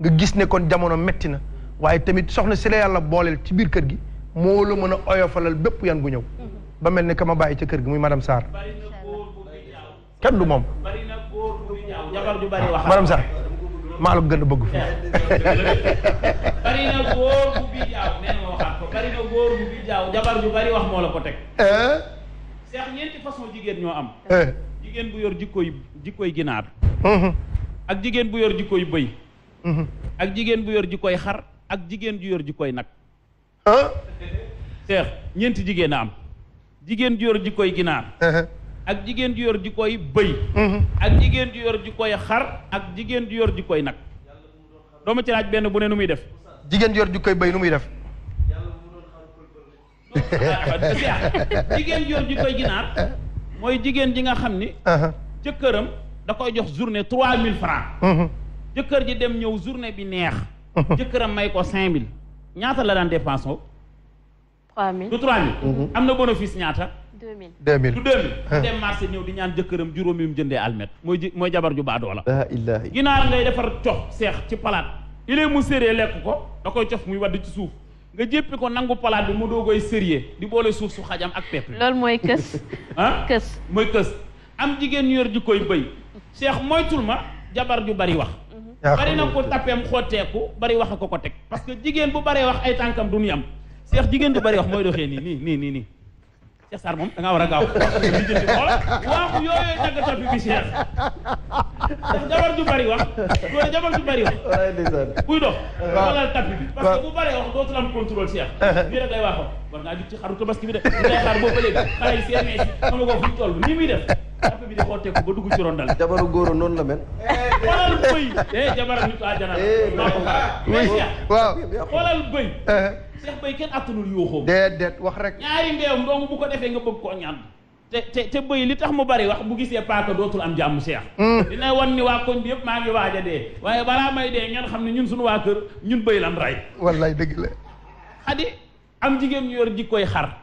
nga gis ne kon jamono métti na waaye tamit soxna si la yàlla booleel ci biir kër gi moo la mën a oyofalal bépp yan bu ñëw mhm. ba mel ni ka ma bàyyi ca kër gi muy madame Sarr kenn du moom madame Sarr maa la gën a bëgg fi bari na jaaw ko bari na jabar ju bari wax moo la ko teg eh? jigéen ñoo am eh. jigéen bu yor jikkoy jikkoy ginaar mhm. ak jigéen bu yor jikkoy bëy mhm. ak jigéen bu yor jikkoy xar ak jigéen ju yor jikkoy nag ah. Cheikh ñeenti jigéen am jigéen ju yor koy ginaar. ak jigéen ju yor jikkoy bëy. Mhm. ak jigéen ju yor jikkoy xar ak jigéen ju yor jikkoy nag. doo ci laaj benn bu ne nu muy def. jigéen ju yor jikkoy bëy nu muy def. jigéen ju yor jikkoy ginaar mooy jigéen ji nga xam ni. jëkkëram da koy jox journée trois mille francs. Mhm. jëkkër ji dem ñëw journée bi neex. Mhm. jëkkëram may ko cinq mille. ñaata la daan dépense oo. 3000 du 3000. Mhm. am na bénéfice ñaata. 2000 2000 du 2000. mu ah. dem marché ñëw di ñaan jëkkëram juróomi jënde jëndee almet mooy mooy jabar ju baadoo la. la ilaha ginaar ngay defar cox seex ci palaat. ilee mu séree lekk ko da koy cof muy wadd ci suuf. nga jéppi ko nangu palaat bi mu doogoy sérieux di boole suuf su xajam ak pepp loolu mooy kës ah kës mooy kës am jigéen ñu yor ji koy bëy seex moytul ma jabar ju bari wax bari na ko tappeem xotteeku bari wax a ko ko teg parce que jigéen bu baree wax ay tànkam du ñu am seex jigéen du bari wax mooy doxee nii nii nii nii nii Cheikh moom da war a gaaw lijjanti xoola waaxu yooyu dagg tappi bi Cheikh ndax jabar ju bari wax loolu jabar ju bari wax buy dox xoolal bi parce que bu baree wax dootul am contrôle Cheikh nii rek lay waaxoo war ngaa jub ci xaru de ba léegi xale yi seen def jàpp bi di xotteeku ba dugg ci rondal. jabaru góoro noonu la mel. xoolal bëy. eh jabaru nitu àjjana eh, waaw xoolal bëy. seex eh. bëy kenn attanul yuuxoom. déedéet wax rek. ñaari ndeewam dong bu ko defee nga bëgg koo ñaan. te te te bëy li tax mu bari wax bu gisee paaka dootul am jàmm seex. dina hmm. wan ni waa koñ bi yëpp maa ngi waaja a waaye balaa may dee ngeen xam ne ñun suñu waa kër ñun bëy lan rey. wallaay dëgg la. xadi am jigéen ñu yor jikkoy xar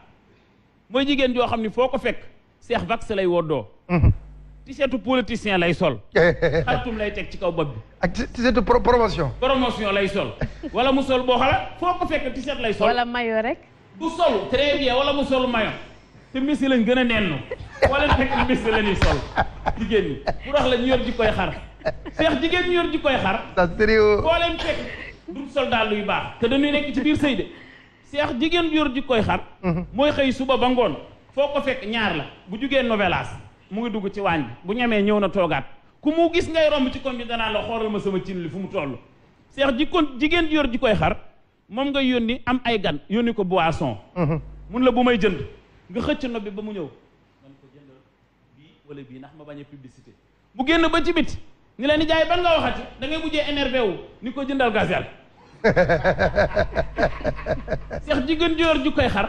mooy jigéen joo xam ne foo ko fekk seex vax lay woddoo Mhm. tiseetu politicien lay sol. xaritum lay teg ci kaw bopp bi. ak tiseetu promotion. promotion lay sol. wala mu sol boo xala foo ko fekk tiseet lay sol. wala mayo rek. du sol wala mu sol mayo. te mbisi lañ gën a nennu. wala nekk mbisi la ñuy sol. jigéen ñi bu wax la ñu yor ji koy xar. seex jigéen ñu yor ji koy xar. ça sérieux. boo sol daal luy baax. te dañuy nekk ci biir sëy de. seex jigéen yor ji koy xar. Mhm. mooy xëy suba ba ngoon. foo ko fekk ñaar la bu jugee novelas mu ngi dugg ci waañ bi bu ñemee ñëw na toogaat ku mu gis ngay romb ci kon bi danaa la xoolal ma sama cin li fu mu toll seex ji kon jigéen yor ji koy xar moom nga yónni am ay gan yónni ko boisson mhm. mun la bu may jënd nga xëcc nob bi ba mu ñëw man bii wala ma bañ a publicité bu génn ba ci bit ni la ni jaay ban nga waxati da ngay mujjee énervé wu ni ko jëndal gazel seex jigéen joor ju koy xar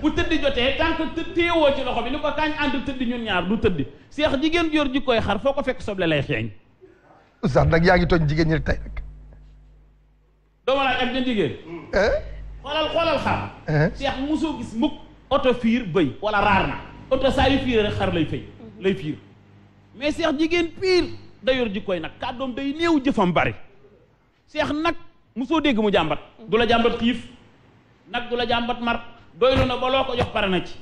bu tëdd jotee tant que téewoo ci loxo bi ni ko kañ ànd tëdd ñun ñaar du tëdd seex jigéen joor ju xar foo ko fekk soble lay xeeñ oustaz nag yaa ngi tooñ jigéen ñi tey nag dooma laaj ak den jigéen xoolal xoolal xar seex mosoo gis mukk oto fiir bëy wala raar na oto saa fiir rek xar lay fay lay fiir mais seex jigéen piir dayor ji koy nag kàddoom day néew jëfam bari seex nag mu soo dégg mu jàmbat du la jàmbat xiif nag du la jàmbat mar doylu na ba loo ko jox pare na ci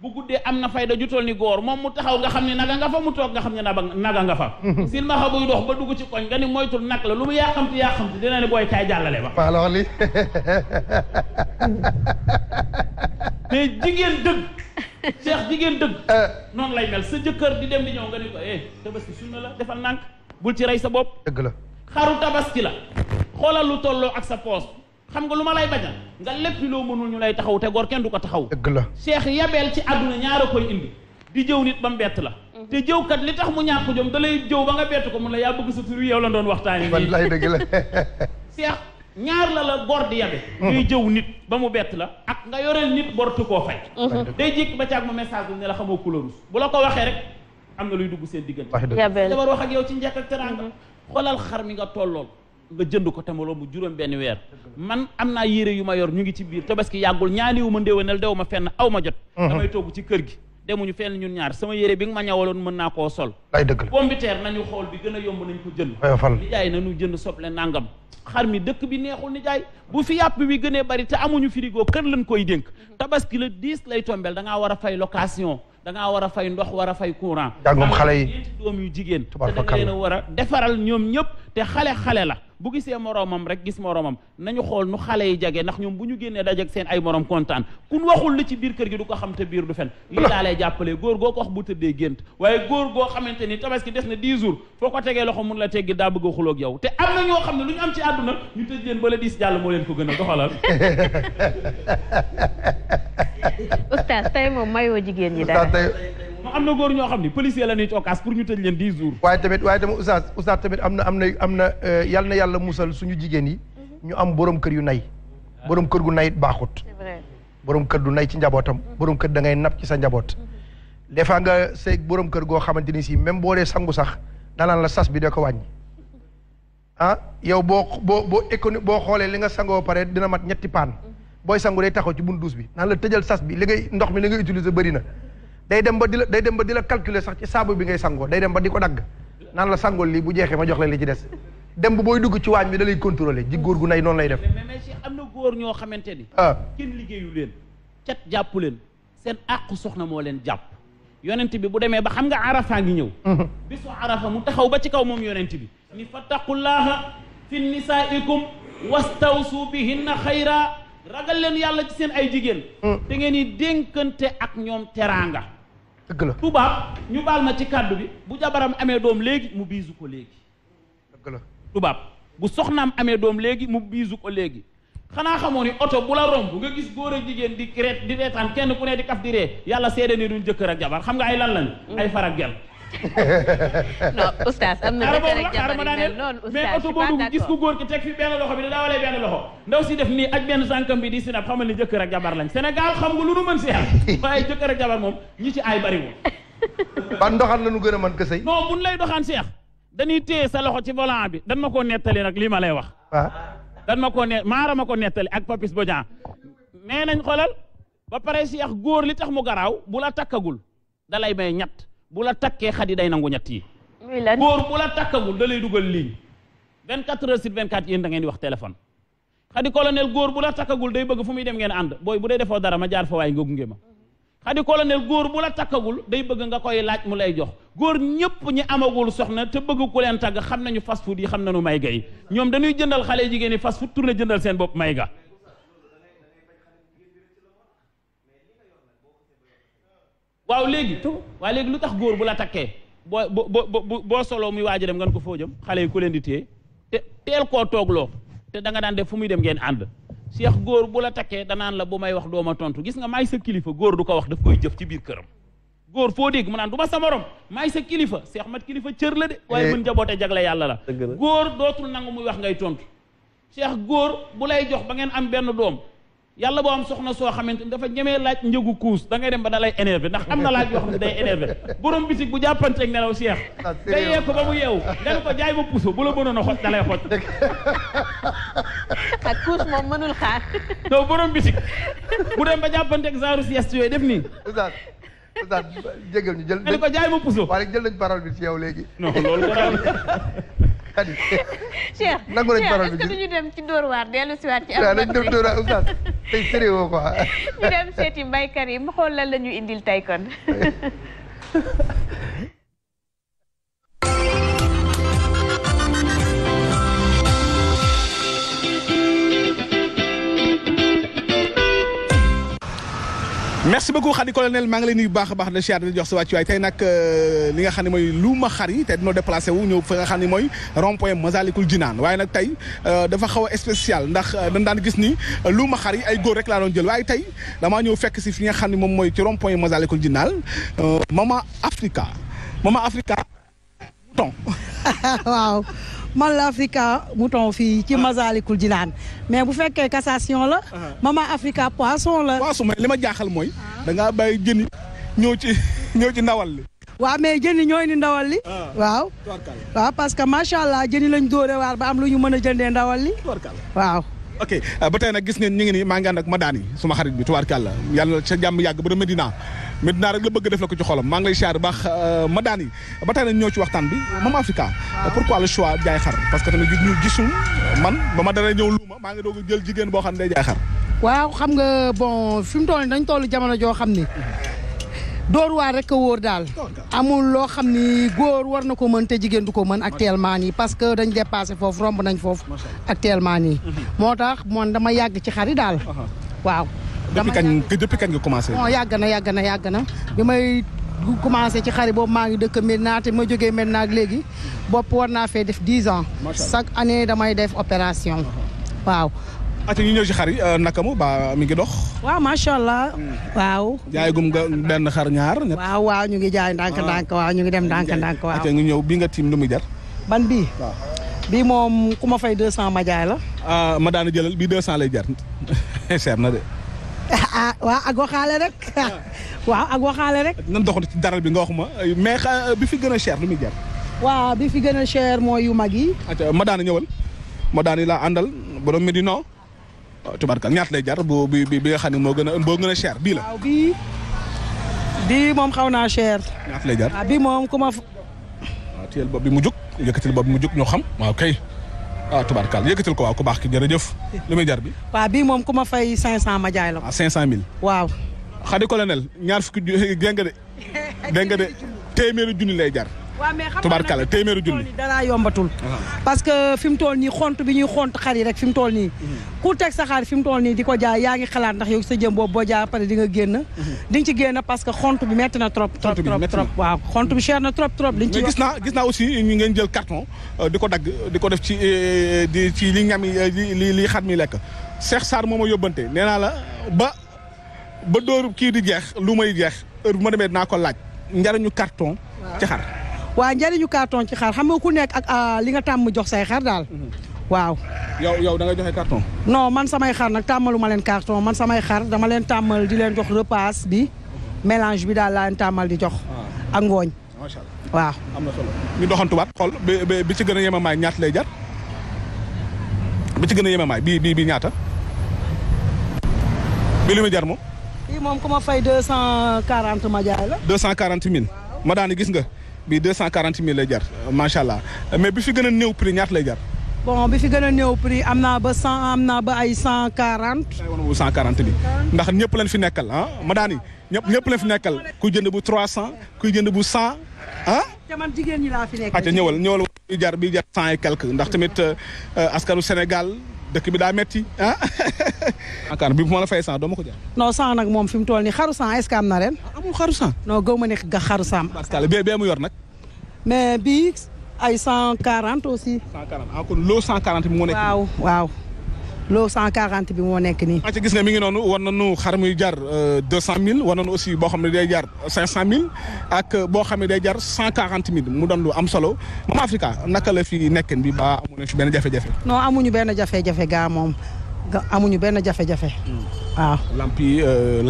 bu guddee am na fayda ju toll ni góor moom mu taxaw nga xam ne naga nga fa mu toog xam ne naba naga nga fa silmaxa buy dox ba dugg ci koñ nga ni moytul nag la lu mu yaaxamti yaaxamti dina ne booy kaay jàllale ba alors li mais jigéen dëgg cheikh jigéen dëgg euh. noonu lay mel sa jëkkër di dem di ñëw nga ni ko eh tabaski sunna la defal nànk bul ci rey sa bopp dëgg la xaru tabaski la xoolal lu tolloo ak sa poos xam nga lu ma lay bañal nga lépp loo mënul ñu lay taxaw te gor kenn du ko taxaw dëgg la cheikh yabeel ci àdduna ñaara koy indi di jëw nit ba mu bett la mhm. te jëwkat li tax mu ñàkk jom da lay jëw ba nga bett ko mun la yaa bëgg sa tur la doon waxtaani wallaay dëgg la cheikh ñaar la la bor di yabe ngay mhm. jëw nit ba mu bett la ak nga yoreel nit bortu koo fay mhm. day jékk ba caag mu message bi ne la xamoo couleur bu la ko waxee rek am na luy dugg seen diggante dabar wax ak yow ci njëkk ak teranga xoolal xar mi nga tollool nga jënd ko te molo bu juróom benn weer man am naa yére yu ma yor ñu ngi ci biir tabaski yàggul ñaaniwu ma ndéwénal dew ma fenn aw ma jot mhm. damay togg ci kër gi demuñu fenn ñun ñaar sama yére bi nga ma ñawaloon mën naa koo sol ay dëgg la pombiteer nañu xool bi gën a yomb nañ ko jënd ni jaay nañu jënd soble nangam xar mi dëkk bi neexul ni jaay bu fi yàpp bi gënee bari te amuñu frigo kër lañ koy dénk mhm. tabaski le 10 lay tombel da war a fay da ngaa war a fay ndox war a fay courant. jàngum xale yi doom yu jigéen. tubaab fa war a defaral ñoom ñëpp. te xale-xale la bu gisee moroomam rek gis moroomam nañu xool nu xale yi jage ndax ñoom bu ñu génnee dajeg seen ay morom kontaan kun waxul li ci biir kër gi du ko xam te biir du fen lii laa lay jàppalee góor goo ko wax bu tëddee gént waaye góor goo xamante ni tabaski des na 10 jours foo ko tegee loxo mun la teggi daa bëgg a xuloog yow te am na ñoo xam ne lu ñu am ci àdduna ñu tëj leen bala diis jàll moo leen ko gën a doxalal oustaz tey moom mayoo jigéen ñi dara non am na góor ñoo xam ni policier la ñuy cokkaas pour ñu tëj leen dix jours. waaye tamit waaye tamit oustaz oustaz tamit am na am na am na euh, yal na yàlla musal suñu jigéen yi. Mhm. ñu am borom kër yu nay. Ah. borom kër gu nay baaxut. borom kër du nay ci njabootam. Mhm. borom kër da ngay nap ci sa njaboot. Mhm. des fois nga say borom kër goo xamante ni si même boo dee sangu sax danaan la sas bi de ko wàññi. ah yow boo boo boo économie boo xoolee li nga sangoo pare dina mat ñetti paan. booy sangu day taxaw ci bun duus bi naan la tëjal sas bi li ngay ndox mi li nga utiliser bëri na day dem ba di la day dem ba di la calculer sax ci saabu bi ngay sangoo day dem ba di ko dagg naan la sangoo lii bu jeexee ma jox la li ci des dem ba booy dugg ci waañ bi da lay contrôler ji góor gu nay noonu lay def. mais mais am na góor ñoo xamante ni. ah kenn liggéeyu leen. cat jàpp leen seen àqu soxna moo leen jàpp. yonent bi bu demee ba xam nga arafa ngi ñëw. Mhm. bisu arafa mu taxaw ba ci kaw moom yonent bi. ni fattaqullaha fi nisaikum wastawsu bihinna xayra ragal leen yàlla ci seen ay jigéen. Mm. da ngeen di dénkante ak ñoom teraanga. dëgg la tubaab ñu baal ma ci kàddu bi bu jabaram amee doom léegi mu biisu ko léegi. dëgg la tubaab bu soxnaam amee doom léegi mu biisu ko léegi. xanaa xamoo ni oto bu la bu nga gis góor ak jigéen di reet di reetaan kenn ku ne di kaf di ree yàlla seede ni duñ jëkkër ak jabar xam nga ay lan lañ. Mm. ay farak gel non oustaz am na rek jamono mais oto boobu gis ku góor ki teg fi benn loxo bi da daawalee benn loxo ndaw si def nii ak benn sànkam bi di sinab xamal ni jëkkër ak jabar lañ Sénégal xam nga lu nu mën si yàlla waaye jëkkër ak jabar moom ñi ci aay bariwul ban ndoxaan la ñu gën a mën kësëy non buñ lay doxaan seex dañuy téye sa loxo ci volant bi dan ma koo nettali nag lii ma lay wax ah. dan ma koo ne maara ma ko nettali ak papis bodian nee nañ xolal ba pare seex góor li tax mu garaaw bu la takkagul da lay ñett bu la takkee xadi day nangu ñett yi. muy lan góor bu la takkagul da lay dugal ligne. 24 heures sur 24 yéen ngeen wax téléphone. xadi colonel góor bu la takkagul day bëgg fu muy dem ngeen ànd booy bu dee defoo dara ma jaar fa waaye nga gunge ma. xadi colonel góor bu la takkagul day bëgg nga koy laaj mu lay jox góor ñëpp ñi amagul soxna te bëgg ku leen tagg xam nañu fast food yi xam na nañu may ga yi ñoom dañuy jëndal xale jigéen fas fast food tourné jëndal seen bopp may ga waaw léegi tu waaw léegi lu tax góor bu la takkee boo boo boo soloo muy waaj dem nga ko foo jëm xale yi ku leen di te teel koo toogloo te da nga daan def fu muy dem ngeen ànd seex góor bu la takkee danaan la bu may wax dooma tontu gis nga maay sa kilifa góor du ko wax daf koy jëf ci biir këram góor foo dégg mu naan du ma sa morom maay sa kilifa seex mat kilifa cër la de waaye eh. mën jaboote jagle yàlla la góor dootul nangu muy wax ngay tontu seex góor bu lay jox ba ngeen am benn doom yàlla boo am soxna soo xamante ni dafa ñemee laaj njegu kuus da ngay dem ba da lay énervé ndax am na laaj yoo xam ne day énervé borom bitig bu jàppanteeg nelaw ah, seex nga yee ko ba mu yeewu nga ko jaay ma puso bu la mënoon a xoj da lay xoj ak kuus moom mënul xaar non borom bitig bu dem ba jàppanteeg genre sieste yooyu def nii Oustaz jégal ñu jël. dañ jaay ma puso. waaye jël nañ parole bi yow léegi. xadi. Cheikh nangu nañu parole bi est-ce que duñu dem ci Dóor waar dellu si waat ci. am nañu dem Dóor waar oustaz tey sëree woo ñu dem seeti Mbaye Karim xool la ñu indil tey kon. merci beaucoup Khady colonel maa ngi lay nuyu baax a baax de jox sa wàccuwaay tey nag euh, li nga xam ne mooy lu ma xar yi tey dinoo déplacé wu ñëw fa xam ne mooy rond point Masalikul Jinaan waaye nag tey euh, dafa xaw a spécial ndax euh, dañ daan gis ni lu ma xar ay góor rek laa doon jël waaye tey damaa ñëw fekk si fi nga xam ne moom mooy ci rond point Masalikul Jinaan Mama Africa Mama Africa mouton waaw man la Africa mouton fii ci ah. Masalikul Jinaan mais bu fekkee cassation la. Ah. Mama Africa poisson la. poisson mais li ma jaaxal mooy. Ah. da ngaa bàyyi jëni ñëw ci ci ndawal li. waaw mais jëni ñooy ni ndawal li. waaw waaw parce que macha allah jëni lañ dóore waar ba am lu ñu mën a jëndee ndawal li. waaw. ok ba tey nag gis ngeen ñu ngi nii maa ngi ànd ma daan yi suma xarit bi tubaarkàlla yàlla sa jàmm yàgg ba dinaa Medina rek la bëgg def la ko ci xolam maa ngi lay siyaar baax euh, ma daan yi ba tey nañ ñëw ci waxtaan bi Mame Africa ah. pourquoi le choix jaay xar parce que tamit ñu gisul man ba ma dara ñëw luuma maa ngi doog jël jigéen boo xam ne day jaay waaw xam nga bon fi mu toll nii dañ toll jamono joo xam ni dóor waar rek a wóor daal amul loo xam ni góor war na ko mën te jigéen du ko mën actuellement nii parce que dañ dépassé foofu romb nañ foofu actuellement nii mhm. moo tax moom dama yàgg ci xari daal waaw depuis kañ depuis kañ nga commencé. bon yàgg na yàgg na yàgg na bi may commencé ci xari boobu maa ngi dëkk Medina te ma jógee Medina ak léegi bopp war naa def dix ans. chaque année damay def opération. Uh-huh. waaw. ati ñu ñëw ci xar yi euh, naka mu ba mi ngi dox. waaw macha allah. Hmm. waaw. jaay gum nga benn xar ñaar. waaw waaw ñu ngi jaay ndànk ndànk waaw ñu ngi dem ndànk ndànk waaw. ati ñu ñëw bi nga tiim lu muy jar. ban bii. waaw bii moom ku ma fay 200 ma jaay la. Ah, ma daan jëlal bii 200 lay jar cher na de. Ah, ah waaw ak rek. waaw ak waxaale rek. nan doxal ci daral bi nga wax ma mais bi fi gën a cher lu muy jar. waaw bi fi gën a cher mooy yu mag yi. atiwa Madane ñëwal Madane laa àndal borom Medina ah, tubarkal ñaata lay jar bu bi bi moo gën a moo gën a cher bii la. moom xaw naa cher. ñaata lay jar waaw ah, moom ku ma. waaw téyel bi mu jóg yëkkatil mu jóg ñoo xam kay. ah tubaarkàlla yëkkatil ko waaw ku baax ki jërëjëf. la muy jar bi. waaw bi moom ku ma fay 500 ma jaay la ko. ah 500000. waaw. xadi colonel ñaar fukki ju dégg nga de dégg nga de téeméeri junni lay jar. tubarkala téeméeri junni dara yombatul parce que fi mu toll nii xont bi ñuy xont xar yi rek fi mu toll nii mhm. ku teg saxaar xar fi toll nii di ko jaay yaa ngi xalaat ndax yow sa jëm boobu boo jaay pare di nga génn mhm. di nga ci génn parce que xont bi metti na trop trop trop waaw xont bi cher na trop trop liñ ci naa gis naa aussi ñu ngeen jël euh, di ko dagg di ko def ci euh, di ci li ñam yi euh, li li xar mi lekk Cheikh Sarr moo ma yóbbante nee la ba ba dóor kii di jeex lu may jeex heure bu ma demee dinaa ko laaj njariñu carton ci xar waa njariñu carton ci xar xam nga ku nekk ak ah, li nga tàmm jox say xar daal. Mhm. waaw. yow yow da nga joxe carton. non man samay xar nag tàmmalu leen carton man samay xar dama leen tàmmal di leen jox repas bi mélange bi daal laa leen tàmmal di jox. Ah. ak ngooñ. macha allah waaw. am na solo ñu doxantuwaat xool bi bi ci gën a yemamaay ñaata lay jar bi ci gën a bii bii bii ñaata. bi jar moom. bii a ku fay deux cent quarante ma la. deux cent quarante mille. ma daani gis nga. bi deux cent quarante mille lay jar macha allah mais bi fi gën a néew prix ñaata lay jar. bon bi fi gën a néew prix am naa ba cent am naa ba ay cent quarante. cent quarante bi ndax ñëpp lañ fi nekkal ah ma daan ñëpp ñëpp lañ fi nekkal ku jënd bu trois cent ku jënd bu cent ah. te jigéen ñi laa fi nekkal. ñëwal ñëwal bi jar bi jar cent et quelque ndax tamit euh, askanu Sénégal. dëkk bi daa metti ah. ANCAR bi bu la fay sang doo ma ko jaay. non sang nag moom fi mu toll nii xaru sang est-ce que am na ren. Ah, amul xaru sang. non gaw ma ne ga xaru sang. parce que bee bee mu yor nag. mais bi ay cent quarante aussi. cent quarante ah kon loo cent quarante moo nekk. waaw waaw. loo 140 bi moo nekk nii. ci gis nga mi ngi noonu war nañu xar muy jar 200000 euh, war nañu aussi boo xam ne day jar 500000 ak euh, boo xam ne day jar 140000 mu doon lu am solo Mama Africa naka la fi nekkin bi ba amuñu fi benn jafe-jafe. amuñu benn jafe-jafe gaa moom amuñu benn jafe-jafe. Hmm. Euh, waaw lamp yi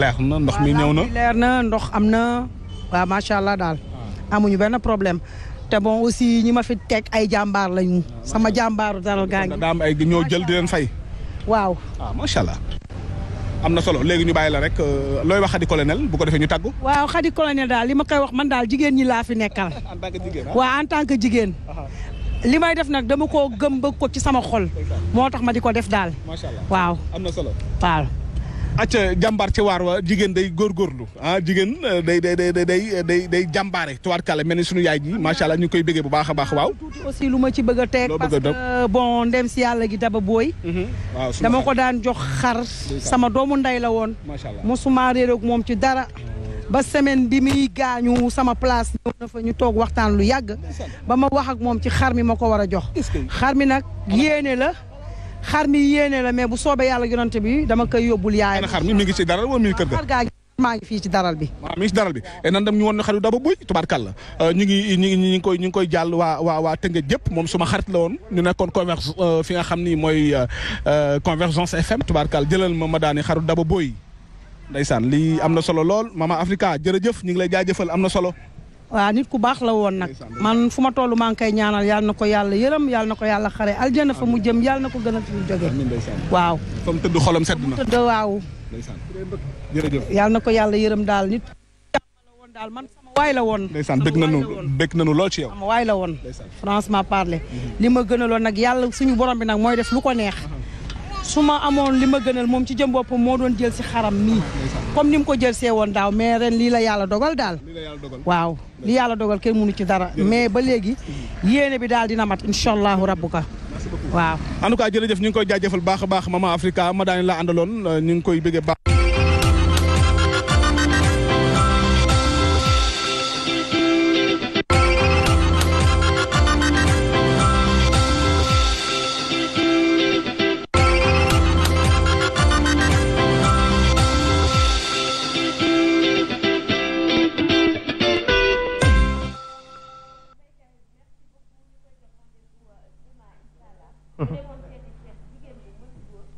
leer na ndox mi ñëw na leer na ndox am na waa macha allah daal. Hmm. amuñu benn problème. te bon aussi ñi ma fi teg ay jàmbaar lañu. Hmm. sama jàmbaaru daral gaa ngi. daa am ñoo jël di leen fay. waaw ah macha allah. am na solo léegi ñu bàyyi la rek euh, looy wax xadi colonel bu ko defee ñu tàggu. waaw xadi colonel daal li ma koy wax man daal jigéen ñi laa fi nekkal. en tant que jigéen ah? waaw en tant que jigéen. li may def nag dama ko gëm bëgg ko ci sama xol. moo tax ma di ko def daal. macha waaw am na solo waaw. acca jàmbaar ci waar wa jigéen day góorgóorlu ah jigéen eh, day day day day day day jàmbaare tubaarkàlla mel ni suñu yaay ji macha allah ñu koy bëggee bu baax a baax waaw. tuuti aussi lu ma ci bëgg a teg parce bon ndem si yàlla gi daba booy. Mhm. dama ko daan jox xar. sama doomu ndey la woon. macha allah mosuma réer ak moom ci dara. Oh. ba semaine bi muy gaañu sama place fa ñu toog waxtaan lu yàgg. ba ma wax ak moom ci xar mi ma ko war a jox. xar mi nag yéene la. xar mi yéene la mais bu soobee yàlla yonante bi dama koy yóbbul yaay. xar mi mi ngi ci daral wala mi ngi kër ga. maa ngi fii ci daral bi. maa ngi ci daral bi eh, nan dem ñu woon xarit Daba Boye tubaarkàlla eh, ñu ngi ñu ngi ñu ngi koy ñu ngi koy jàll waa waa moom suma xarit la woon ñu nekkoon converge eh, fi nga xam ni mooy Convergence FM tubaarkàlla jëlal ma ma daani xarit Daba Boye ndeysaan li am na solo lool Mama Africa jërëjëf ñu ngi lay jaa jëfal am na solo waaw nit ku baax la woon nag man fu ma toll maa ngi koy ñaanal yàlla na ko yàlla yërëm yàlla na ko yàlla xare aljana fa mu jëm yàlla na ko gën a fi waaw fa mu tëdd xolam sedd na tëdd yàlla na ko yàlla yërëm daal nit la woon daal man sama waay la woon ndeysaan bëgg na bëgg nañu lool ci yow sama waay la woon franchement parler mhm. li ma gënaloon nag yàlla suñu borom bi nag mooy def lu ko neex su ma amoon li ma gënal moom ci jëm boppam moo doon jël si xaram mii comme ni mu ko jël see woon daaw mais ren lii la yàlla dogal daal waaw li yàlla dogal kenn mënu ci dara mais ba léegi yéene bi daal dina mat incha allahu rabbuka waaw en tout cas jërëjëf ñu ngi koy jaajëfal baax a baax Maman Africa ma daan la àndaloon ñu ngi koy bëggee baax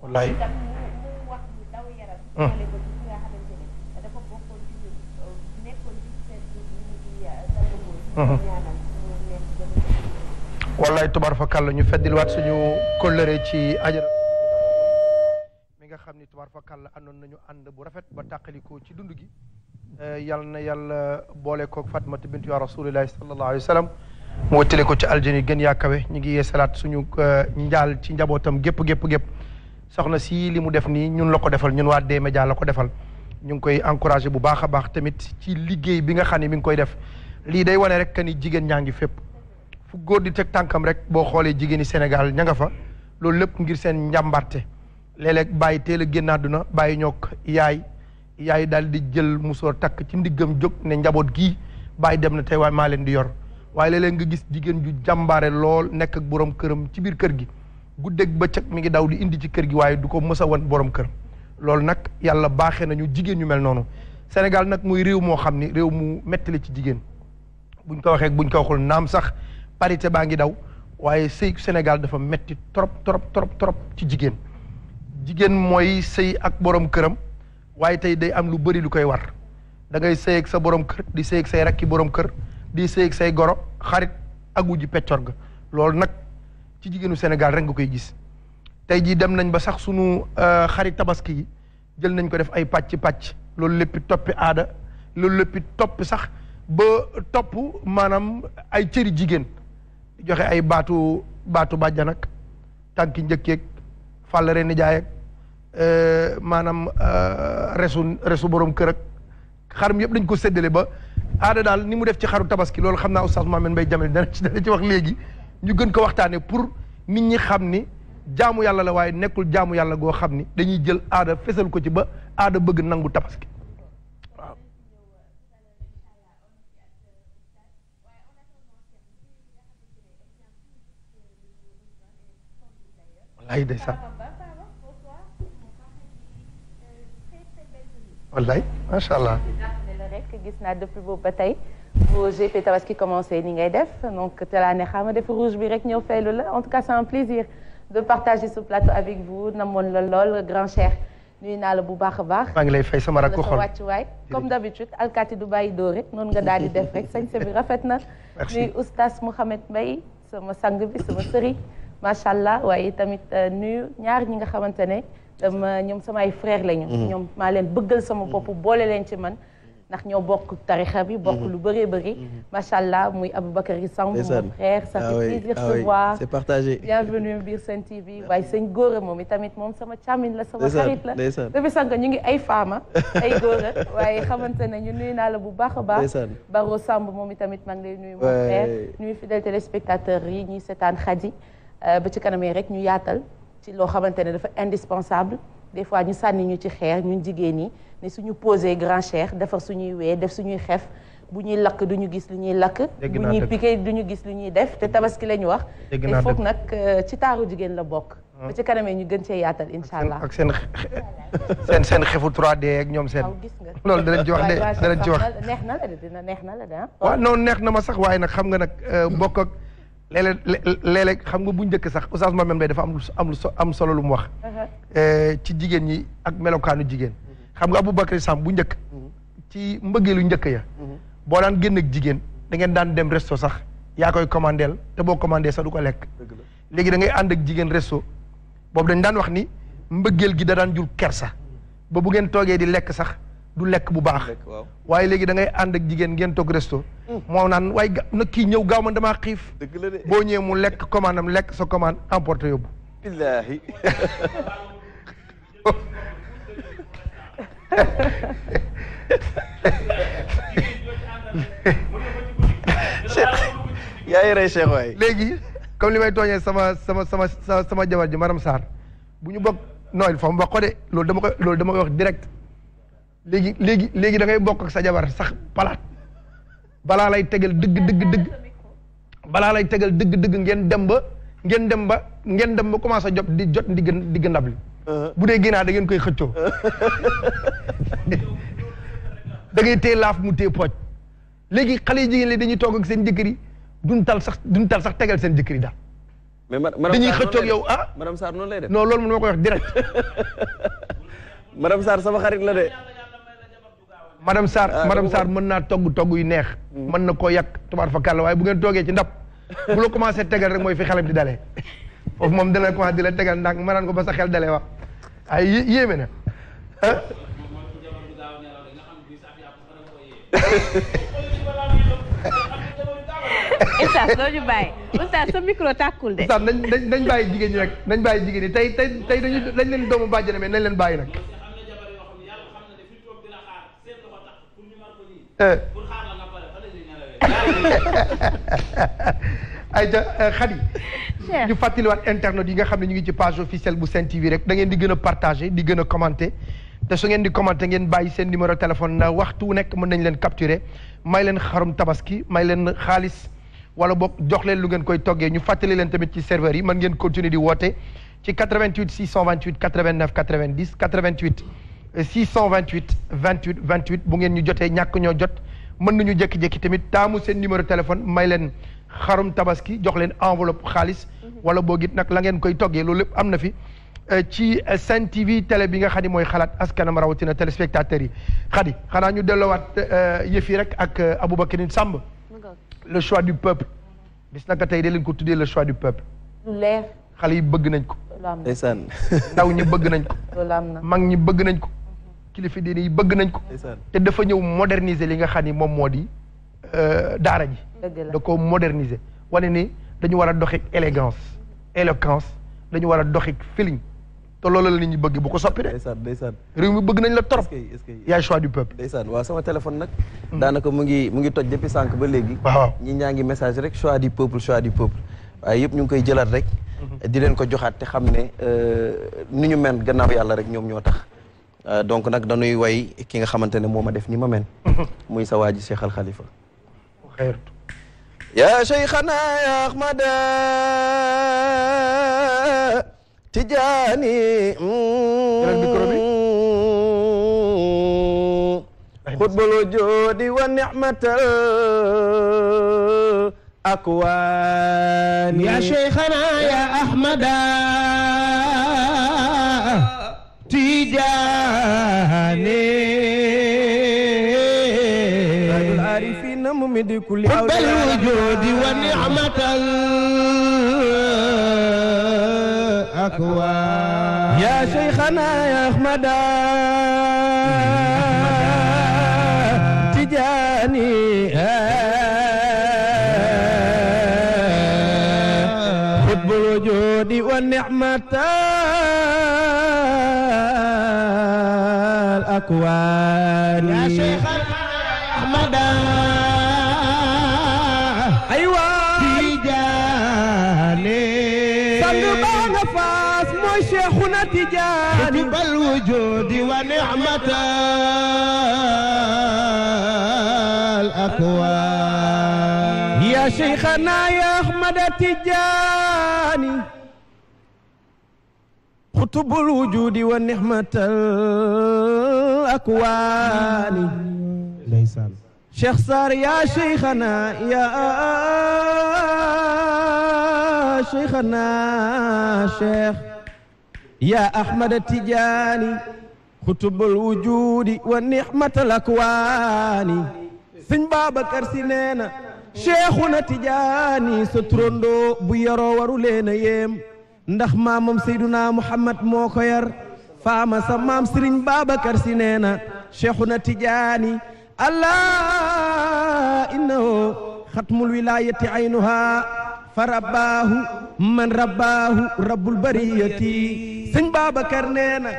wallaay. Mm. Mm-hmm. wallaay tubar fa kàll ñu feddilwaat suñu kóllëre ci ajara mi nga xam ni tubar fa kàll àndoon nañu ànd bu rafet ba tàqalikoo ci dund gi eh, yal na yàlla boole kook Fatmata bintu yaa rasulillahi sallallahu alayhi mu wëttale ko ci aljani gën yaa kawe ñu ngi yeesalaat suñu eh, njaal ci njabootam gépp gépp gépp soxna si li mu def nii ñun la ko defal ñun waa D-Média la ko defal ñu ngi koy encouragé bu baax a baax tamit ci liggéey bi nga xam ne mi ngi koy def lii day wane rek que ni jigéen ñaa ngi fépp fu góor di teg tànkam rek boo xoolee jigéeni Sénégal ña nga fa loolu lépp ngir seen njàmbarte léeg-léeg bàyyi teel a génn àdduna bàyyi ñook yaay yaay dal di jël musóor takk ci ndiggam jóg ne njaboot gi bàyyi dem na tey waaye maa leen di yor waaye léeg nga gis jigéen ju jàmbaare lool nekk ak borom këram ci biir kër gi guddeeg bëccëg mi ngi daw di indi ci kër gi waaye du ko mës a borom kër loolu nag yàlla baaxee nañu jigéen ñu mel noonu Sénégal nag muy réew moo xam ni réew mu metti la ci jigéen buñ ko waxee buñ ko waxul naam sax parité baa ngi daw waaye sëy Sénégal dafa metti trop trop trop trop ci jigéen jigéen mooy sëy ak borom këram waaye tey day am lu bëri lu koy war da ngay sëy sa borom kër di sëy ak say rakki borom kër di sëy say goro xarit ak wujji peccor ga ci jigéenu Sénégal rek nga koy gis tey jii dem nañ ba sax sunu euh, xarit tabaski jël nañ ko def ay pàcc pàcc loolu lépp toppi aada loolu léppi toppi sax ba topp maanaam ay cëri jigéen joxe ay baatu baatu bàjjan ak tànki njëkkeeg fàll reen jaay ak euh, maanaam euh, resu resu borom kër ak xarum yëpp dañ ko séddale ba aada daal ni mu def ci xaru tabaski loolu xam naa oustaz Mohamed Mbaye Jamil dana ci dana ci wax léegi ñu gën ko waxtaane pour nit ñi xam ni jaamu yàlla la waaye nekkul jaamu yàlla goo xam ni dañuy jël aada fesal ko ci ba aada bëgg nangu tabaski waaw wallaay ndeysaan wallaay allah gis naa depuis bu GP Tabaski commencé ni ngay def donc te laa ne xam nga def rouge bi rek ñëw faylu la en tout cas c'est un plaisir de partager ce plateau avec vous namoon la lool grand cher nuyu naa la bu baax a baax. maa ngi lay fay sama rakku xol wàccuwaay comme d'habitude alkaati du bàyyi doo rek noonu nga daal di def rek sañse bi rafet na. merci nuyu oustaz Mouhamed Mbaye sama sang bi sama sëriñ macha allah waaye tamit euh, nuyu ñaar ñi nga xamante ne ñoom samay frère lañu. Mm-hmm. ñoom maa leen bëggal sama bopp mm-hmm. boole leen ci man. ndax ñoo bokk tarixa bi bokk mhm. lu bëree bëri mhm. macha allah muy Aboubacary Samb mon frère ça fait ah plaisir de ah te voir c'est partagé bienvenue biir Sen TV waaye sëñ góora moom itamit moom sama càmmiñ la sama xarit la dafa sànq ñu ngi ay faama ay góora waaye xamante ne ñu nuyu naa la bu baax a baax Baro Samb moom itamit maa ngi lay nuyu mon frère nuyu fidèle téléspectateurs yi ñuy seetaan xaji euh, ba ci kanam rek ñu yaatal ci loo xamante ne dafa indispensable des fois ñu sànni ñu ci xeer ñun jigéen ñi ne suñu posé grand cher defar suñuy wee def suñuy xef bu ñuy lakk du ñu gis lu ñuy lakk. bu ñuy piqué du ñu gis lu ñuy def te tabaski la ñu wax. dégg naa foog nag euh, ci taaru jigéen la bokk. Ah. ba ci kanamee ñu gën cee yaatal incha allah. ak seen seen seen xefu 3D ak ñoom seen. waaw gis nga loolu danañ ci wax de danañ ci wax. neex na la de dina neex na ah. neex na ma sax waaye nag xam nga nag euh, bokk ak. léeg-léeg xam nga bu njëkk sax oustaz Mamem Mbaye dafa am am am solo lu mu wax. Uh-huh. Eh, ci jigéen ñi ak melokaanu jigéen. xam nga Aboubacry Samb bu njëkk. Uh-huh. ci mbëggeelu njëkk ya. Uh-huh. boo daan génn ak jigéen da ngeen daan dem resto sax yaa koy commandeel te boo commandé sax du ko lekk. léegi da ngay ànd ak jigéen resto boobu dañ daan wax ni mbëggeel gi da daan jur sax ba bu ngeen toogee di lekk sax. du lekk bu baax waaye léegi da ngay ànd ak jigéen ngeen toog resto mm. moo naan waaye ga na kii ñëw gaaw man damaa xiif boo ñëwee mu lekk commande am lekk sa commande emporté yóbbu billaahi yaay rey léegi comme li may tooñee sama sama sama sama jabar ji maram Sarr bu ñu bokk nooy fa mu wax de loolu dama koy loolu dama koy wax direct léegi léegi léegi da ngay bokk ak sa jabar sax palaat balaa lay tegal dëgg dëgg dëgg balaa lay tegal dëgg dëgg ngeen dem ba ngeen dem ba ngeen dem ba commencé jot di jot ndigg ndigg ndab li uh-huh. bu dee ginaar da ngeen koy xëccoo uh-huh. da ngay téye laaf mu téye pooj léegi xale yi jigéen li dañuy toog ak seen jëkkër yi duñ tal sax duñ tal sax tegal seen jëkkër yi daal mais dañuy xëccoog yow ah madame Sarr noonu lay def non loolu mën ma ko wax direct madame Sarr sama xarit la de madame Sarr ah, madame Sarr mën naa togg togg yu neex. Mm. mën na koo yàq tubaar fa kàll waaye bu ngeen toogee ci ndab bu la commencé tegal rek mooy fi xelam di dalee foofu moom dina ko di la tegal ndànk ma naan ko ba sa xel dalee wax ay yéeme na ah. Oustaz doo ñu bàyyi Oustaz sa micro de. Oustaz nañ nañ bàyyi jigéen ñi rek nañ bàyyi jigéen ñi tey tey tey leen doomu bàjjane mais nañ leen bàyyi nag. ay ja xadi ñu fàttaliwaat internet yi nga xam ne ñu ngi ci page officielle bu Sen TV rek da ngeen di gën a partagé di gën a commenté te su ngeen di commenté ngeen bàyyi seen numéro téléphone na waxtu wu nekk mën nañ leen capturer may leen xarum tabaski may leen xaalis wala boog jox leen lu ngeen koy toggee ñu fàttali leen tamit ci serveur yi mën ngeen continuer di woote ci 88 628 89 90 88 628 28 28 bu ngeen ñu jotee ñàkk ñoo jot mën nañu jékki-jékki tamit taamu seen numéro téléphone may leen xarum tabaski jox leen enveloppe xaalis. Mhm. wala boog it nag la ngeen koy toggee loolu lépp am na fi. Euh, ci euh, Sen TV télé bi nga xam ne mooy xalaat askanam rawatina téléspectateurs yi xadi xanaa ñu delloowaat euh, yëf yi rek ak Aboubacarine Samb. le choix du peuple. bis naka tey de leen ko tuddee le choix du peuple. leer xale yi bëgg nañ ko. ndeysaan ndaw ñi bëgg nañ ko. mag ñi bëgg nañ ko. kilifa diine yi bëgg nañ ko. te dafa ñëw moderniser li nga xam ni moom moo di euh, daara ji. da ko moderniser wane ni dañu war a doxee élégance éloquence dañu war a doxee feeling te loolu la nit bëgg bu ko soppi de. ndeysaan ndeysaan réew mi bëgg nañ la torop. yaay choix du peuple. ndeysaan waaw sama téléphone nag. Hmm. daanaka mu ngi mu ngi toj depuis sànq ba léegi. waaw ñi ñaa ngi message rek choix du peuple choix du peuple waaye yëpp ñu ngi koy jëlaat rek. Hmm. di leen ko joxaat te xam ne euh, nu ñu men gannaaw yàlla rek ñoom ñoo tax. Euh, donc nag dañuy way ki nga xamante ne moo ma def ni ma mel. muy sa waa ji Cheikh Al Khalifa. yaa Cheikhana ya Ahmada Tijaani. Mm, xutbal wujuudi wa nicmatal akwaan. yaa Cheikhana ya Ahmada. حب الوجود ونعمة الأكوان يا شيخنا يا أحمد تجاني حب الوجود والنعمة الأكوان يا شيخ أحمد أيوة تجاني صندوقان فاس مو شيخنا تجاني كتب الوجود ونعمة الأكوان يا شيخنا يا أحمد تجاني قطب الوجود ونعمة الأكوان akwaani ndeysaan Cheikh Sarr yaa cheikhana yaa cheikhana cheikh yaa Ahmada Tijaani xutubul wujuudi wa nixmatal akwaani sëñ Babacar Si nee na cheikhuna Tijaani sa turandoo bu yaroo waru leen a yéem ndax maamam Seyduna Muhammad moo ko yar faama sa maam Serigne Babacar si nee na Cheikhuna Tijaani allah innahu xatmul wilaayati aynuha fa rabbaahu man rabbaahu rabbul bariyati sëñ Babacar nee na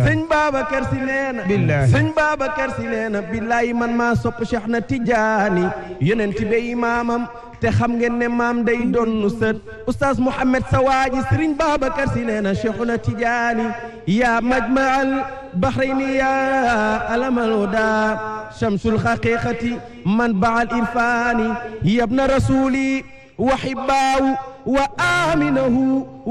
sëñ Babacar si nee na sëñ Babacar si nee na billaahi man maa sopp Cheikhuna Tijaani yonent bi imaamam te xam ngeen ne maam day doon sët oustaz Mouhamed sa waaji Serigne Babacar si nee na Cheikhuna Tijaani yaa majmaal bahrayni yaa alamal huda shamsul haqiqati manbaal irfani yabna rasuli wa hibbaawu wa aminahu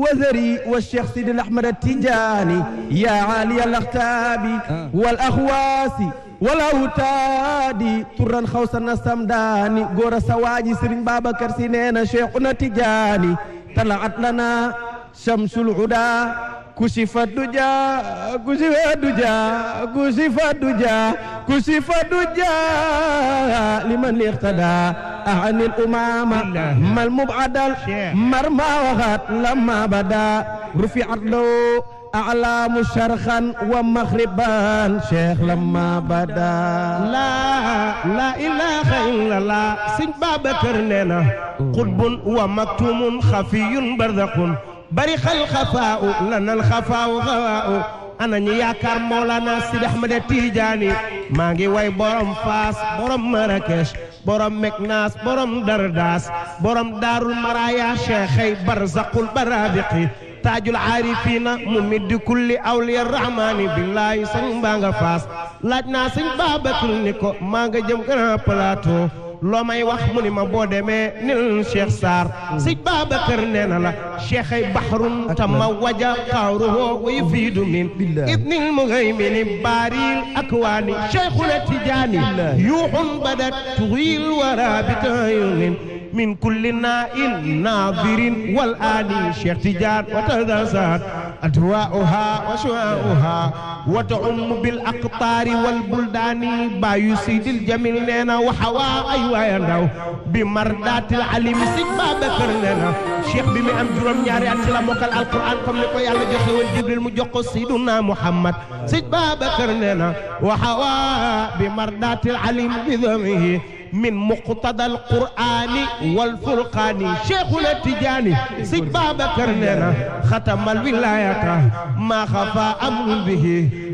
wa zari wa Cheikh Sidil Ahmad Tijaani yaa aaliya laxtaabi ah. wal axwaasi walawu taadi turan xaw sa na samdaani góor a sa waaji sëriñ Babacar si nee na cheikhuna tijaani talaat lana shamsul huda kusifa duja kusifa duja kusifa duja kusifa duja liman iqtada anil umama mal mubadal marma waxat lama bada rufiat law أعلام شرخا ومغربا شيخ لما بدا لا لا إله إلا الله سن بابكر نينا قطب ومكتوم خفي برزق برق الخفاء لنا الخفاء غواء ana ñu yaakaar Mawlana Sidi Ahmed Tidiane maa ngi way borom Faas borom Marrakech borom Meknaas borom Dardaas borom Daarul Maraya Cheikhey Barzaqul Barabiqi taajul aarifiina mu middi kulli awliya rahmaani billaahi sëñ baa nga faas laaj naa sëñ Babacar ni wax mu ni ma boo demee nil Cheikh Sarr sëñ Babacar nee na la tama waja xawruhu wa yufiidu min ibnil muhaymini baaril akwaani cheikhuna tijaani yuuxun badat tuxil wara bitayunin من كل نائل ناظر والآني شيخ تجار وتدسات أدواؤها وشواؤها وتعم بالأقطار والبلدان بايو سيد الجميل لنا وحوا أيوا ينداو بمردات العليم سيد بابكر لنا cheikh bi mi am juróom ñaari at ci la mokkal alquran comme ni ko yàlla joxe woon jibril mu jox ko sayyiduna muhammad sëñ Babacar nee na waxawaa bi mardaatil alim bi damihi من مقتضى القرآن والفرقان شيخنا التجاني سيد بابكر لنا ختم الولاية ما خفى أمر به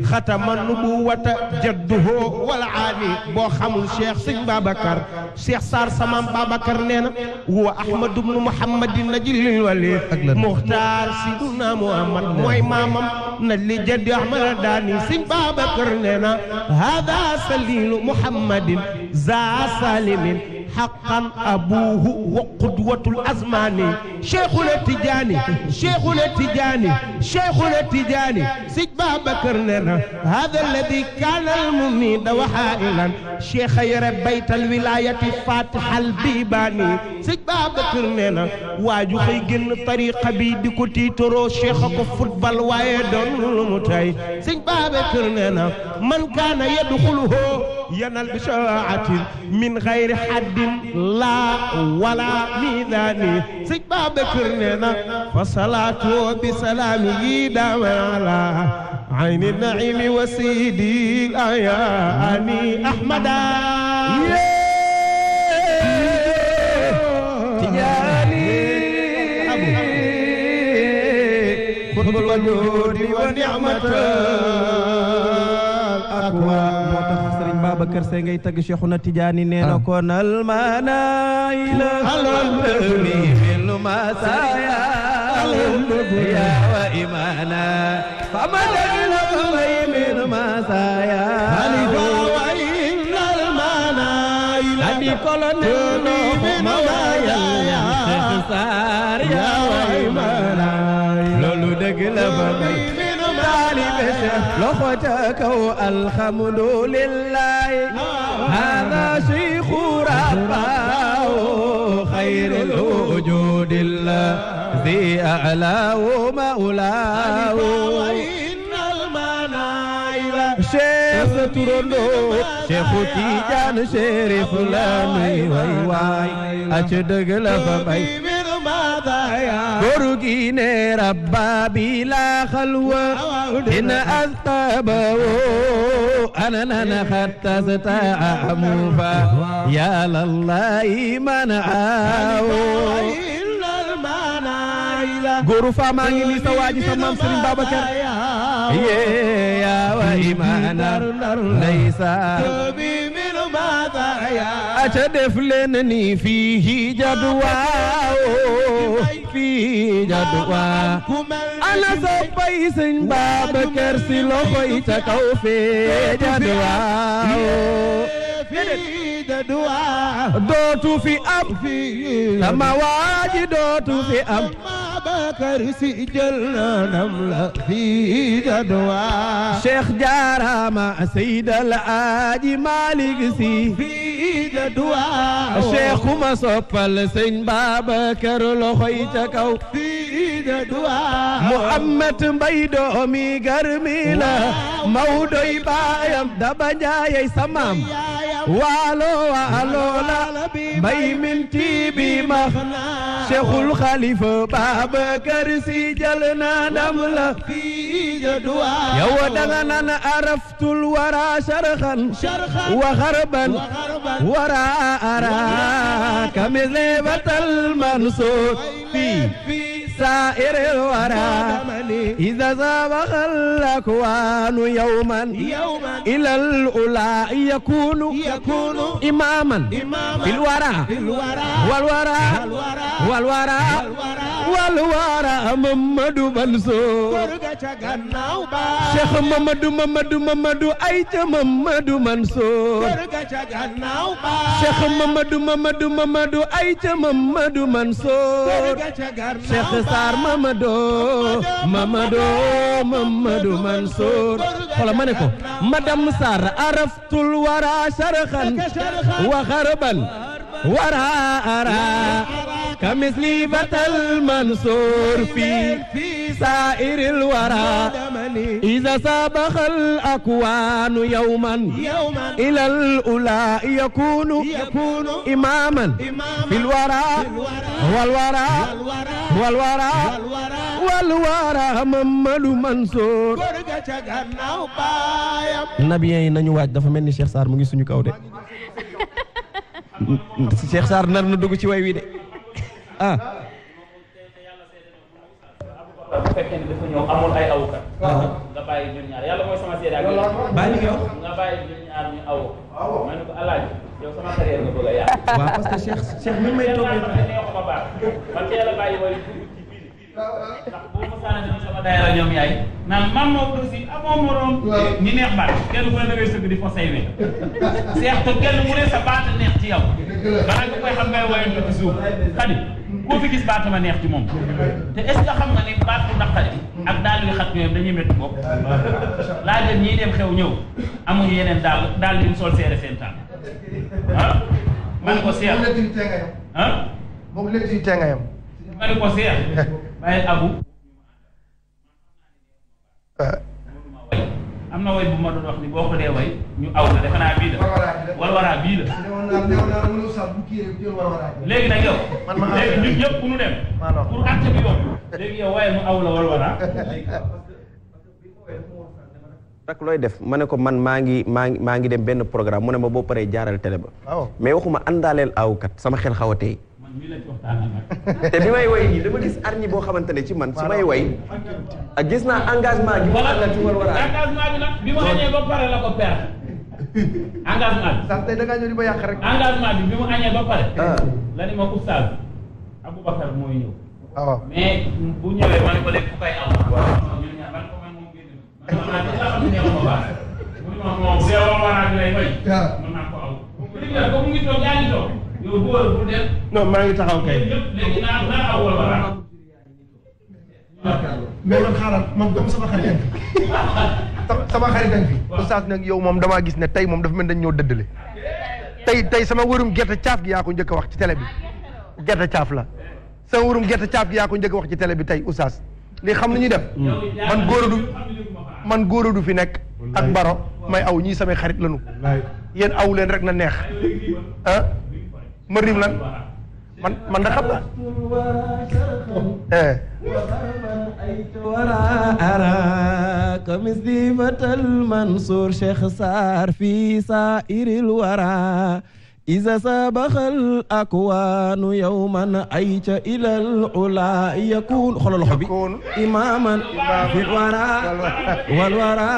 ختم النبوة جده والعاني بو خمول شيخ سيد بابكر شيخ صار سمام بابكر لنا هو أحمد بن محمد نجل الوليد مختار سيدنا محمد موي مامم نلي جد أحمد داني سيد بابكر لنا هذا سليل محمد زاسا الظالم حقا أبوه وقدوة الأزمان شيخنا تجاني شيخنا تجاني شيخنا تجاني سيد بكر لنا هذا الذي كان المميد وحائلا شيخ يرب بيت الولاية فاتح البيباني سيد بكر لنا واجو خي ген طريقة بي ديكو تيترو شيخ كو فوتبال واي دون متاي سيد بكر لنا من كان يدخله ينال بشاعة من غير حد laa wala miidaani sëñ Babacar nee na fa salaatu bi salaam yi daawee la ayni naimi wa seydi ayaani ahmada tijaani xutbal wajuudi wa nicmata Babacar Seye ngay tagg Cheikhuna Tidiane nee na ah. ko nal maana ila qalbi min masaya ya wa imana faman ila qalbi min masaya halifa wa innal mana ila kolonel min masaya لخوتك الحمد لله هذا شيخ رباه خير الوجود الذي أعلاه مولاه شيخ ترندو شيخ تيجان شريف لامي واي واي أشدق لفمي góorugi ne rabba bi la xalwa in astaba anana hatta staamu fa ya lallahi man aawo góoru faa maa ngi nii sa waaji sa maam Serigne Babacar yee yaa wa imaana laysa aca def leen ni fii jadu waaw fii jadu waaw ana soppay sëñ Babacar Si loxoy ca fee jadu dootu fi am sama waa dootu fi am Bakar Si jël nam la fii da duwaa Cheikh jaarama Seydal Aji Malik Si fii da duwaa Cheikh kuma soppal Sëñ Babakar loxoy ca kaw fii da duwaa Muhammad Mbay doomi garmi la Mawdoy baayam da bañaayay samaam waalo ولولا بي من تيبي مخنا شيخ الخليفة بابا كرسي جلنا نملة يا ودغنا أنا عرفت الورى شرخا وغربا ورا أراك مثل المنصور في سائر الورى إذا سابق الأكوان يوما إلى الأولى يكون إماما في الورى والورى والورى wal waara Mamadou Mansour Cheikh Mamadou Mamadou Mamadou ayca Mamadou Mansour Cheikh Mamadou Mamadou Mamadou ayca Mamadou Mansour Cheikh Sarr Mamadou Mamadou Mamadou Mansour xoolal ma ne ko madame Sarr araftul wara sharxan wa xarban ورا أرى كمثلي بطل المنصور في سائر الورى إذا سابخ الأكوان يوما إلى الأولى يكون إماما في الورى والورى والورى والورى محمد منصور nabi yi nañu waaj dafa mel ni Cheikh Sarr mu ngi suñu kaw de Cheikh Sarr nar na dugg ci way wi de ah. bu fekkee ne dafa ñëw amul ay awukat. Ah. nga bàyyi ñun ñaar yàlla mooy sama seede ak nga bàyyi ñun ñaar ñu aw. ma ne ko alaaji yow sama carrière nga bëgg a yàq. waaw parce que Cheikh Cheikh mi may toog man teel a bàyyi way ndax boo ma saana dem sama daayira ñoom yaay naan neex baat kenn ku ne da ngay di fa say we seex te kenn mu ne sa baat neex ci yow balaa nga koy xam ngay woyantu ci suuf xadi koo fi gis baat ma neex ci moom te est ce que xam nga ni baat bu naqari ak daal yu xat yooyu dañuy métti laa jël ñii dem xew ñëw amuñu yeneen daal daal yuñ sol seere seen tànk ah man ko seex ah moom léegi man ko seex bàyyil abu. walwaraa bii léegi nag yow. man ñëpp ku dem. pour looy def ma ne ko man maa ngi maa ngi maa ngi dem benn programme mu ne ma boo paree jaaral télé ba. mais waxuma àndaaleel awkat sama xel xaw te bi may way nii dama gis arñi boo xamante ne ci man su may way ak gis naa engagement gi. voilà engagement bi nag bi ma añee ba pare la ko perte engagement bi. sax tey da ngaa ñëw di ba yàq rek. engagement bi bi mu añee ba pare. Ah. la ni ma oustaz Aboubacar mooy ñëw. waaw ah. mais bu ñëwee ma ne ko léegi ku koy am. waaw ñun ñaar man ko man moom génn man maa ngi xam ne ma baax. bu ñu ma moom bu dee woon waraat lay may. waaw ah. mën naa ko aw. bu ñu ko mu ngi toog yaa ngi toog. yow bu wër bu dem. sama xarit fi. oustaz nag yow moom damaa gis ne tey moom dafa mel dañ ñoo dëddale. tey tey sama wërum gerte caaf gi yaa ko njëkk a wax ci tele bi gerte caaf la sama wërum gerte caaf gi yaa ko njëkk wax ci tele bi tey oustaz li xam nañu def. man góor du man góor du fi nekk. ak mbaro may aw ñii samay xarit lañu. yéen awleen rek na neex ma rim lan man man da xam na eh. kamis di batal Mansour Cheikh Sarr fi sairil wara إذا سبخ الأكوان يوما أيت إلى العلا يكون خلال حبي إماما في الورى والورى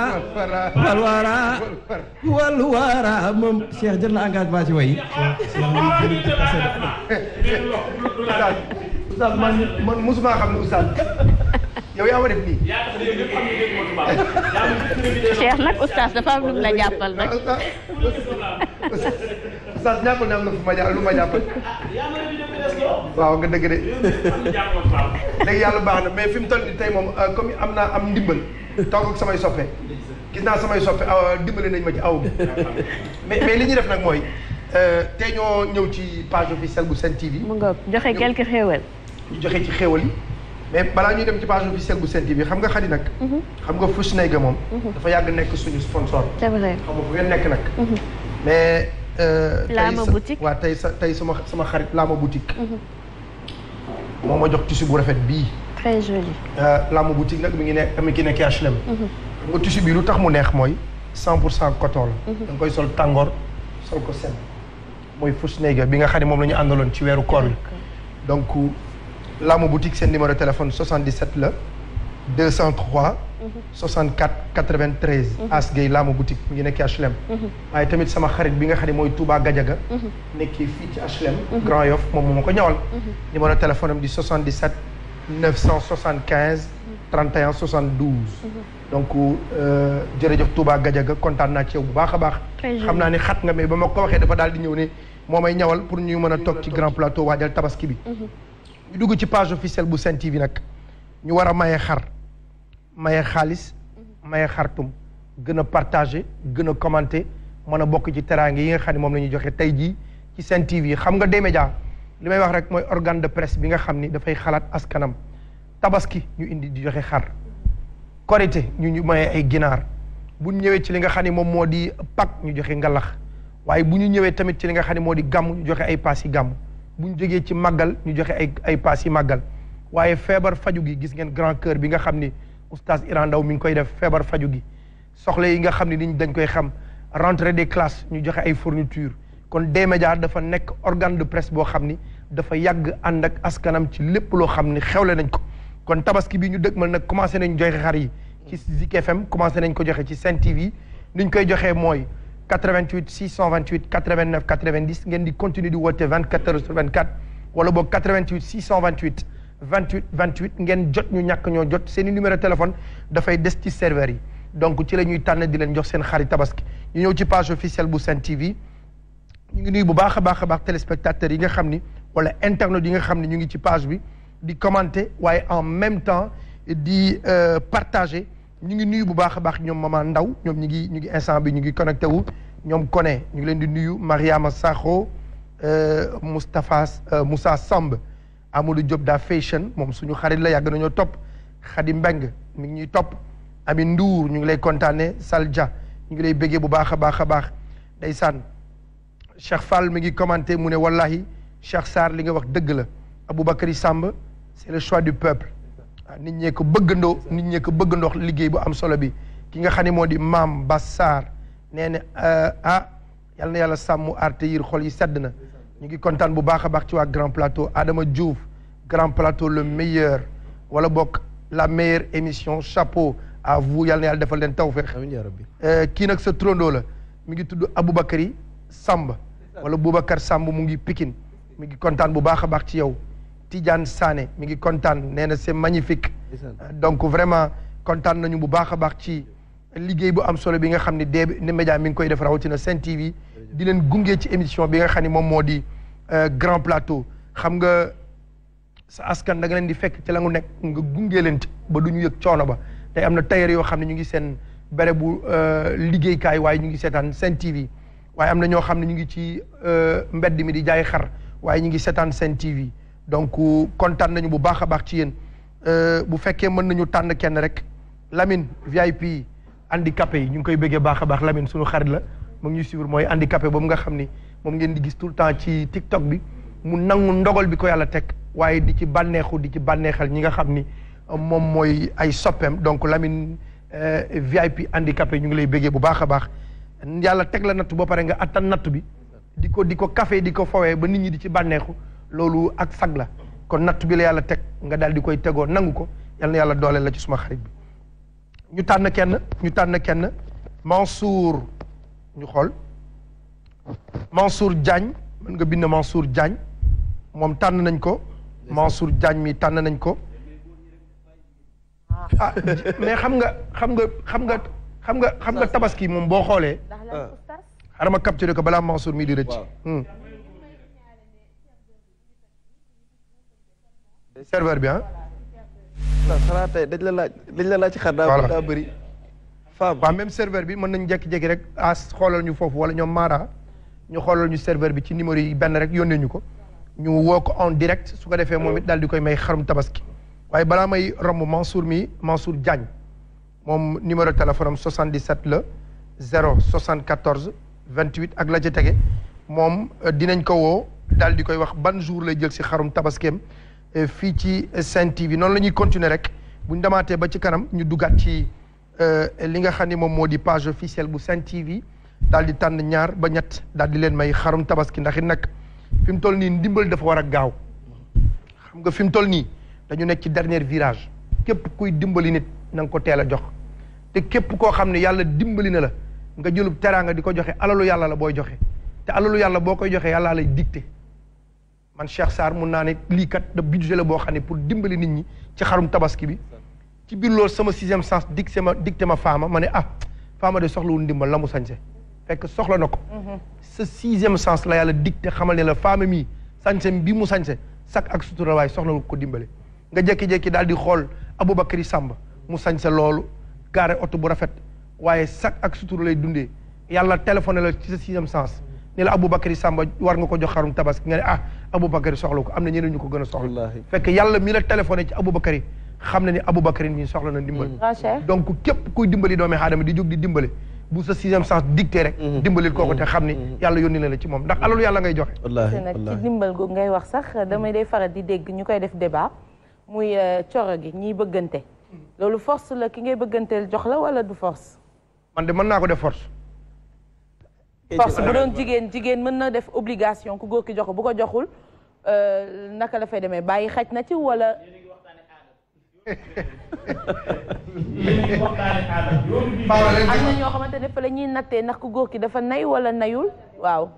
والورى والورى moom Cheikh jël na engagement ci way Oustaz man man mosuma xam ne Oustaz yow yaa ma def nii. Cheikh nag Oustaz dafa am lu mu la jàppal nag. Sass ñàkkul ne am na fu ma jàpp waaw nga dëgg de. léegi yàlla baax na mais fi mu toll nii tey moom euh, comme am naa am ndimbal toog ak samay soppe gis naa samay soppe dimbali nañ ma ci aw bi mais li ñuy def nag mooy euh, tey ñoo ñëw ci page officielle bu Sen TV. mu nga joxe quelque xéewal. joxe ci xéewal yi. mais balaa ñu dem ci page officielle bu Sen TV xam nga xadi nag. Mhm. xam nga Foussine Gueye moom. Mhm. dafa yàgg nekk suñu sponsor. c'est vrai xam nekk nag. Mhm. mais. Euh, Lama Boutique waa tey sa tey suma sama xarit Lama Boutique. Mhm. moo ma jox tussu bu rafet bii. très joli. Euh, Lama Boutique nag mu ngi nekk mi ngi nekk HLM. Mhm. nga tissu bii lu tax mu neex mooy cent pour cent coton la. Mhm. da nga koy sol tàngoor sol ko set mooy fous néega bi nga xam ne moom la ñu àndaloon ci weeru koor bi. donc Lama Boutique seen numéro téléphone 77 la 203. 64 93. Mhm. As Gueye ma boutique mi ngi nekk HLM. Mhm. waaye tamit sama xarit bi nga xam ne mooy Touba Gadiaga. Mhm. nekki fii ci HLM. Grand Yoff moom moo ma ko ñawal. man a téléphone am di 77 975 31 72. donc euh, jërëjëf Touba Gadiaga kontaan naa ci yow bu baax a baax. xam naa ne xat nga may ba ma ko waxee dafa daal di ñëw ne moo may ñawal pour ñuy mën a toog ci grand plateau waajal tabaski bi. dugg ci page officielle bu Sen TV nag ñu war a maye xar. maye xaalis mhm. maye xartum gën partagé gën a commenté mën a bokk ci teraange yi nga xam ne moom la ñuy joxe tey jii ci Sen TV xam nga D-Média li may wax rek mooy organ de press bi nga xam ni dafay xalaat askanam tabaski ñu indi di joxe xar korité ñu ñu maye ay ginaar bu ñëwee ci li nga xam ne moom moo di Pâques ñu joxe ngalax waaye bu ñu ñëwee tamit ci li nga xam ne moo di gàmm ñu joxe ay paas yi gàmm bu ñu jógee ci màggal ñu joxe ay ay paas yi màggal waaye feebar gi gis ngeen grand bi nga xam ni oustaz Iran Ndaw mi ngi koy def feebar faju gi soxla yi nga xam ne niñ dañ koy xam rentre des classes ñu joxe ay fourniture kon D-Média dafa nekk organe de presse boo xam ni dafa yàgg and ak askanam ci lépp loo xam ni xewle nañ ko kon tabaski bi ñu dëgmal nag commencé nañ joxe xar yi ci Zik FM commencé nañ ko joxe ci Sen TV ni koy joxee mooy 88 628 89 90 ngeen di continuer di woote 24 heures sur 24 wala boog 88 628 28 28 ngeen jot ñu ñàkk ñoo jot seen i numéro téléphone dafay des ci serveur yi donc ci la ñuy tànn di leen jox seen xarit tabaski ñu ñëw ci page officielle bu Sen TV ñu ngi nuyu bu baax a baax a baax téléspectateurs yi nga xam ni wala internautes yi nga xam ni ñu ngi ci page bi di commenter waaye en même temps di euh, partager ñu ngi nuyu bu baax a baax ñoom Mama Ndaw ñoom ñu ngi ñu ngi instant bi ñu ngi connecté wu ñoom Koné ñu ngi leen di nuyu Mariama Sakho euh, Moustapha euh, Moussa Samb amul Amadou job daa fashion moom suñu xarit la yàgg nañoo topp Khady Mbeng mi ngi ñuy topp Ami Ndour ñu ngi lay kontaane Salja ñu ngi lay béggee bu baax a baax a baax ndeysaan Cheikh Fall mi ngi commenté mu ne wallahi Cheikh Sarr li nga wax dëgg la Aboubacry sàmb c'est le choix du peuple ah, nit ñee ko bëggandoo nit ñee ko bëggandoo liggéey bu am solo bi ki nga xam ne moo di maam Bass Sarr nee na euh, ah yal na yàlla sàmm aar te yir xol yi sedd na ñu ngi kontaan bu baax a baax ci waa Grand Plateau Adama Diouf Grand Plateau le meilleur wala bokk la meilleure émission chapeau a vous yàlla na yàlla defal leen tawféex. amiin yaa rabbi euh, kii nag sa turandoo la mi ngi tudd Aboubacry Samb wala Boubacar Samb mu ngi pikin mi ngi kontaan bu baax a baax ci yow Tidiane Sané mi ngi kontaan nee na c'est magnifique donc vraiment kontaan nañu bu baax a baax ci. liggéey bu am solo bi nga xam ne dee ne média mi ngi koy def rawatina Sen TV di leen gunge ci émission bi nga xam ne moom moo di euh, grand plateau xam nga sa askan da leen di fekk ci la nga nekk nga gunge leen ba du ñu yëg coono ba tey am na tailleur yoo xam ne ñu ngi seen bere bu euh, liggéeykaay waaye ñu ngi seetaan Sen TV waaye am na ñoo xam ne ñu ngi ci euh, mbedd mi di jaay xar waaye ñu ngi seetaan Sen TV donc kontaan nañu bu baax a baax ci yéen bu fekkee mën nañu tànn kenn rek Lamine VIP. handicapé yi ñu ngi koy bëggee baax a baax lamin suñu xarit la mu ngi mooy handicapé boobu nga xam ni moom ngeen di gis tout le temps ci TikTok bi mu nangu ndogal bi ko yàlla teg waaye di ci bànneexu di ci bànneexal ñi nga xam ni euh, moom mooy ay soppeem donc Lamine euh, VIP yi ñu ngi lay bëggee bu baax a baax yàlla teg la natt ba pare nga attan nattu bi di ko di ko kafe di ko fowee ba nit ñi di ci bànneexu loolu ak sag la kon nattu bi la yàlla teg nga daal di koy tegoo nangu ko yal yàlla doole la ci suma xarit bi ñu tànn kenn ñu tànn kenn Mansour ñu xool Mansour Diagne mën nga bind Mansour jaañ moom tànn nañ ko Mansour jaañ mi tànn nañ ko ah mais xam nga xam nga xam nga xam nga xam nga tabaski moom boo xoolee xarama ah. capturé ko balaa Mansour mii di rëcc hmm. serveur bi ah non xanaa tey eh, dañ la laaj dañ la laaj ci xar daa daa bëri femme waaw même serveur bi mën nañ jékki-jékki rek as ah, xoolal ñu foofu wala ñoom maara ñu xoolal ñu serveur bi ci numéro yi benn rek yónnee ñu ko ñu woo ko en direct su ko defee moom it daal di koy may xarum tabaski waaye balaa may romb Mansour mi Mansour Diagne moom numéro téléphone am 77 la 0 74 28 ak la ca tege moom euh, dinañ kowoo woo daal di koy wax ban jour lay jël si xarum tabaskeem Euh, fii ci Sen TV noonu la ñuy continuer rek bu ñu demaatee ba ci kanam ñu duggaat ci euh, li nga xam ne moom moo di page officielle bu Sen TV daal di tànn ñaar ba ñett daal di leen may xarum tabaski ndax it nag fi mu toll nii ndimbal dafa war a gaaw xam nga fi mu toll nii dañu nekk ci dernier virage képp kuy dimbali nit na nga ko teel a jox te képp koo xam ne yàlla dimbali na la nga jëlub teraanga di ko joxe alalu yàlla la booy joxe te alalu yàlla boo koy joxe yàlla lay man Cheikh Sarr mun naa ne lii kat da budget la boo xam ne pour dimbali nit ñi ci xarum tabaski bi ci biir loolu sama sixième sens dicté ma dicté ma faama ma ne ah faama de soxlawul ndimbal la mu sañse fekk soxla na ko mhm. sa sixième sens la yàlla dicté xamal ne la faama mii sañse bi mu sañse sak ak sutura waaye soxla nga ko dimbale nga jékki-jékki daal di xool Aboubacry Samba mu sañse loolu gaare oto bu rafet waaye sak ak sutura lay dundee yàlla téléphoné la ci sa sixième sens ne la Aboubacry Samba war nga ko jox xarum tabaski nga ne ah Aboubacry soxla ko am na ñeneen ñu ko gën a soxla fekk yàlla mi la téléphoné ci Aboubacry xam na ne Aboubacry mi soxla na dimbal mm. donc képp kuy dimbali doomi aadama di jóg di dimbale bu sa sixième sens dicté rek mm. dimbalil kooku te mm. xam ni yàlla yónni na la ci moom ndax yàlla ngay joxe nag ci dimbal googu ngay wax sax damay day faral di dégg ñu koy def débat muy euh, coro gi ñiy bëggante loolu force la ki ngay bëgganteel jox la wala du force man de mën naa ko def force parce que bu doon jigéen jigéen mën na def obligation ku góor ki jox ko bu ko joxul euh, naka la fay demee bàyyi xaj na ci wala. am na ñoo xamante ne fa la ñuy nattee ndax ku góor ki dafa nay wala nayul waaw.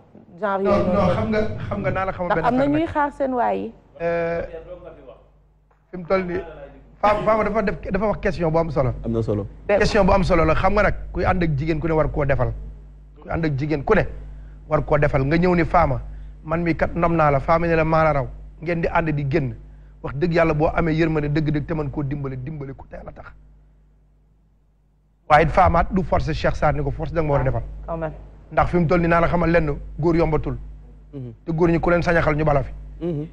genre xam a xam nga naa la xamal benn am na ñuy xaar seen waay yi. Euh, fi mu toll nii Fama dafa def dafa wax question bu am solo. am na solo question bu am solo la xam nga nag kuy ànd ak jigéen ku ne war koo defal. ku ànd ak jigéen ku ne war koo defal nga ñëw ni faama man mi kat nom naa la faama a la maa la raw ngeen di ànd di génn wax dëgg yàlla boo amee yërmande dëgg-dëgg te man koo dimbale dimbale ko te yàlla tax waaye it faamaat du force Cheikh Sarr ni ko force danga ma war a ah, defal ndax fi mu toll ni naa la xamal lenn góor yombatul mhm. te góor ñi ku leen sañaxal ñu bala fi mhm.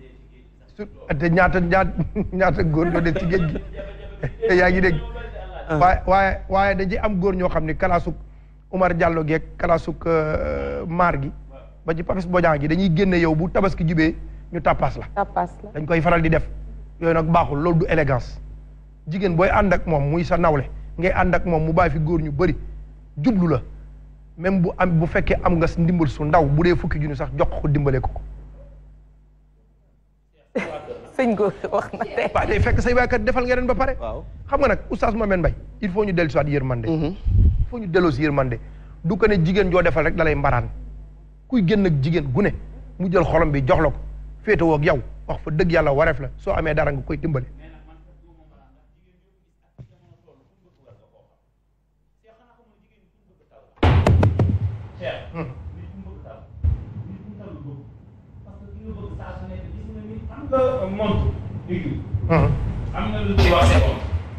te ñaata góor ñoo des ci géej gi te ah. waaye waaye waaye am góor ñoo xam ni kalaasu Umar Diallo geeg kalasuk euh, maar gi ba ci papis bojaan gi dañuy génne yow bu tabaski jibee ñu tappaas la tappaas la dañ koy faral di def yooyu nag baaxul loolu du élégance jigéen booy ànd ak moom muy sa nawle ngay ànd ak moom mu bàyyi fi góor ñu bëri jublu la même bu am bu fekkee am nga ndimbal su ndaw bu dee fukki junni sax jox ko dimbale ko ko sëñ góor wax na tey waaw fekk say waaykat defal nga leen ba pare xam nga nag oustaz Mohamed Mbaye il faut ñu dellu si man yërmande mhm. faut ñu si dellosi yërmande du ko ne jigéen joo defal rek dalay mbaraan kuy génn ak jigéen gu ne mu jël xolom bi jox la ko féetewoo ak yow wax dëgg yàlla wareef la soo amee dara nga koy dimbale.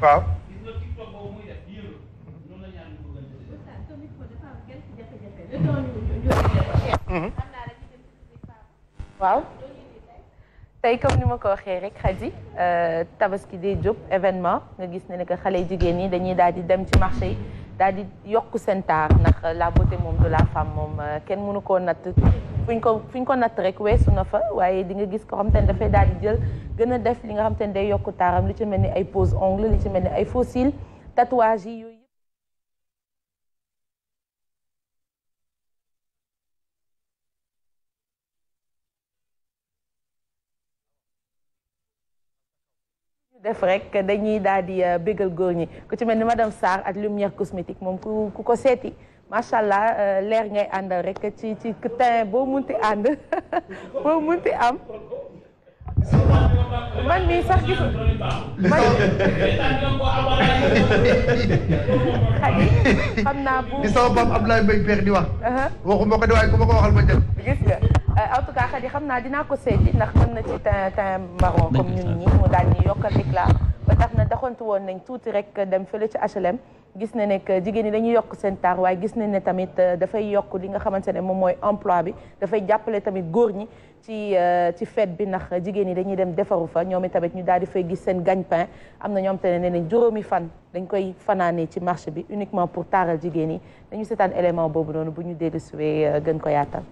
waaw. waaw tey comme ni ma ko waxee rek Khady euh, tabaski de jóg événement nga gis ne ne que xale jigéen ñi dañuy daal di dem ci marché yi daal di yokk seen taar ndax la beauté moom de la femme moom euh, kenn mënu koo natt fuñ ko fu ko natt rek weesu na fa waaye di nga gis ko xam te ne dafay daal di jël gën a def li nga xam te ne day yokk taaram li ci mel ni ay pose ongle li ci mel ni ay fossiles tatouage yi def rek dañuy daal di euh, béggal góor ñi ku ci mel ni madame Sarr ak lumière cosmétique moom ku ku ko seeti macha allah euh, leer ngay àndal rek ci ci teint boo munti ànd boo munti am. man mii sax gis man xam naa bu. di sama baam Abdoulaye Mbaye Père di wax. Uh-huh. waxuma ko de waaye ku ko waxal ma jël. Euh, en tout yi xam naa dinaa ko seeti ndax mën na ci teint teint marron comme ñi mu daal ñu yokkal éclat ba tax na doxantu woon nañ tuuti rek dem fële ci HLM gis na ne que jigéen ñi dañuy yokk seen waaye gis nañ ne tamit euh, dafay yokk li nga xamante ne moom mooy emploi bi dafay jàppale tamit góor ñi ci euh, ci fête bi ndax jigéen ñi dañuy dem defaru fa ñoom tamit ñu daal di fay gis seen gagne-pain am na ñoom te ne nañ juróomi fan dañ koy fanaanee ci marché bi uniquement pour taaral jigéen yi dañu seetaan élément boobu noonu bu ñu dellusiwee gën ko yaatal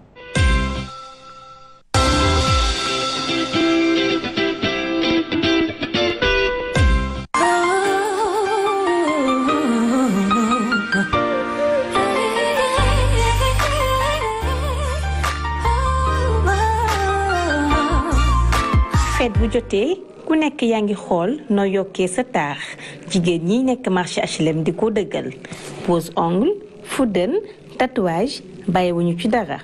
te ku nekk yaa ngi xool noo yokkee sa taax jigéen ñi nekk marché HLM di ko dëggal pose ongle fuddan tatouage bàyyiwuñu ci dara.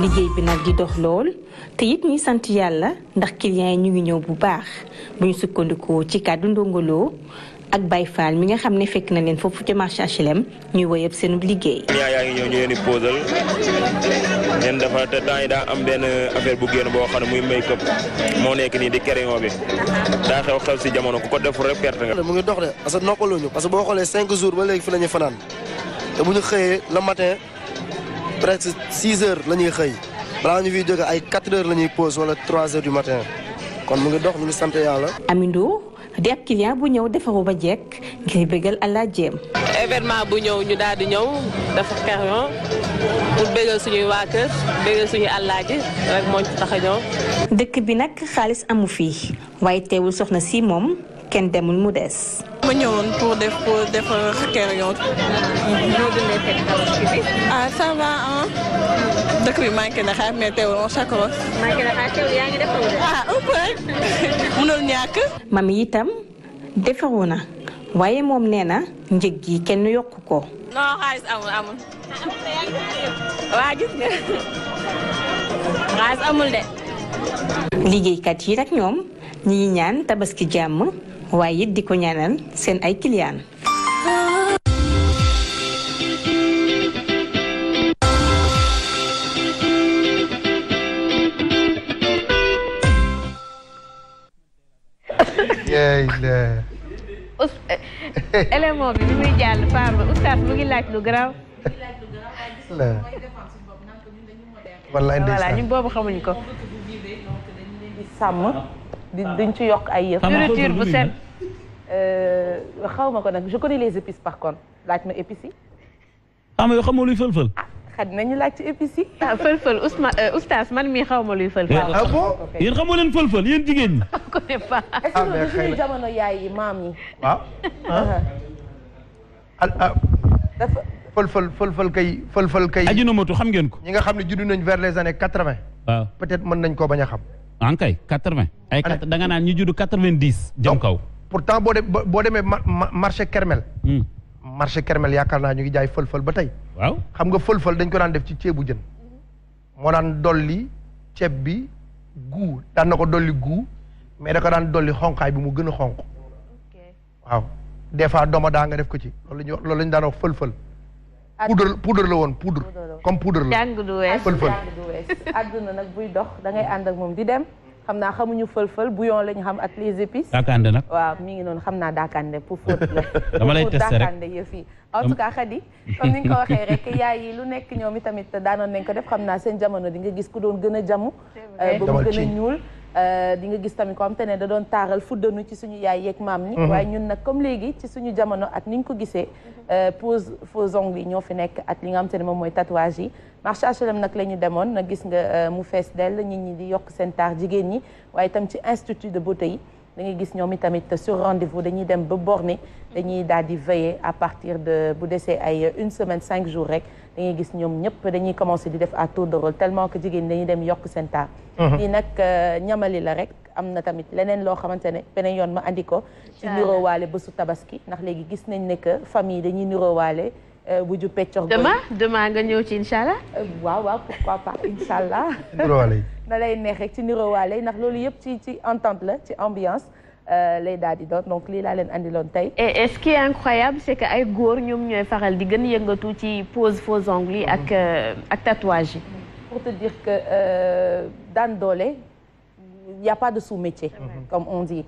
liggéey bi nag di dox lool te it ñuy sant yàlla ndax clients ñu ngi ñëw bu baax bu ñu sukkandikoo ci kàddu ndongoloo ak Baye Fall mi nga xam ne fekk na leen foofu ca marché HLM ñuy woyab seen liggéey. ñaa yaa ñu leen di posal ñeen dafa te temps daa am benn affaire bu génn boo xam ne muy make up moo nekk nii di crayon bi daa xew xew si jamono ku ko deful rek perte nga. mu ngi dox de parce que noppaluñu parce que boo xoolee cinq jours ba la le matin presque six heures la ñuy xëy balaa ñu fi jóge ay quatre heures lañuy ñuy pause wala trois heures du matin kon mu ngi dox ñu ngi sant yàlla. Amindou. di bu ñëw defaru ba jekk ngir bégal alaajeem événement bu ñëw ñu daal di ñëw dafa carillon pour bégal suñuy waa kër bégal suñuy alaaji rek moo ci tax a ñëw. dëkk bi nag xaalis amu fi waaye teewul soxna si moom. kenn demul mu des. ma ñëwoon pour def pour defar kër yoon. Ah, bi manqué na ah, mami itam defaru na waaye moom nee na njëg gi kenn yokku ko. non xaalis amul de. liggéeykat yi rek ñoom ñi ñaan tabaski jàmm. waaye it di ko ñaanal seen ay kiliyaan eh, élément bi bi muy jàll par ba oustaz mu ngi laaj lu garaaw. wallaay ndeysaan voilà ñun boobu xamuñ ko. sàmm. di ah. duñ ci yokk ay yëf. nourriture bu set. Euh, xaw ma ko nag je connais les épices par contre laaj ma épices yi. ah mais xamoo luy fël-fël. ah xaj nañu laaj ci épices yi. ah fël-fël Ousmane euh, Oustaz man mii xaw ma luy fël-fël. Eh, ah bon yéen xamoo leen fël-fël yéen jigéen ñi. on connaît pas. ah, ah mais xëy na est-ce que jamono yaay yi maam yi. waaw ah. ah. dafa fël-fël fël-fël kay fël-fël kay. ajinamatu xam ngeen ko. ñi nga xam ne juddu nañ vers les années quatre-vingt. waaw peut-être mën nañ koo bañ a xam. ankay quatre vingt ay da nga naan ñu judd quatre vingt dix jëm kaw pourtant boo de boo demee marché Kermel hmm. marché Kermel yaakaar naa ñu ngi jaay fël-fël ba tey waaw xam nga fël-fël dañ ko daan def ci ceebu jën moo daan dolli ceeb bi guu daan na ko dolli guu mais da ko daan dolli xonqaay bi mu gën a xonq waaw des fois doma daa nga def ko ci loolu loolu la ñu daan wax fël-fël poudre la woon poudre comme poudre la jàng du wees jàng du wees àdduna nag buy dox da ngay ànd ak moom di dem xam naa xamuñu fël-fël bouillon lañ xam ak les épices daakande nag waaw mi ngi noonu xam naa daakande pour fóot la dama lay testé rek daakande yëf yi en tout cas Khady comme ni ko waxee rek yaay yi lu nekk ñoom itamit daanoon nañ ko def xam naa seen jamono di nga gis ku doon gën a jamu euh, ba mu gën a ñuul Euh, di nga gis tamit ko am te ne da doon taaral fuddanu ci suñu yaay yeeg maam ni mhm. waaye ñun nag comme léegi ci suñu jamono ak ni ñu ko gisee mhm. euh, pose faux ongles yi ñoo fi nekk ak li nga xam te ne moom mooy tatouage yi marché HLM nag la ñu demoon na gis nga euh, mu fees dell nit ñi di yokk seen taar jigéen ñi waaye tam ci institut de beauté yi da gis ñoom itamit sur rendez dañuy dem ba borné dañuy daal di veiller à partir de bu desee ay une semaine cinq jours rek da ngay gis ñoom ñëpp dañuy commencer di def à tour de rôle tellement que jigéen dañuy dem yokk seen taar lii mhm. nag euh, ñamali la rek am na tamit leneen loo xamante ne beneen yoon ma andi ko ci niroowaale bésu tabaski ndax léegi gis nañ ne que famille dañuy niroowaale euh, wuju peccox demain demain nga ñëw ci incha allah euh, waaw waaw pourquoi pas incha na lay neex rek ci nirowaale ndax loolu yëpp ci ci entente la ci ambiance euh, lay daal di doon donc lii laa leen andiloon tey. et ce qui incroyable c'est que ay góor ñoom ñooy faral di gën yëngatu ci pose faux ongles ak mhm. euh, ak tatouage yi. pour te dire que euh, daan doole y a pas de sous-métier. comme on dit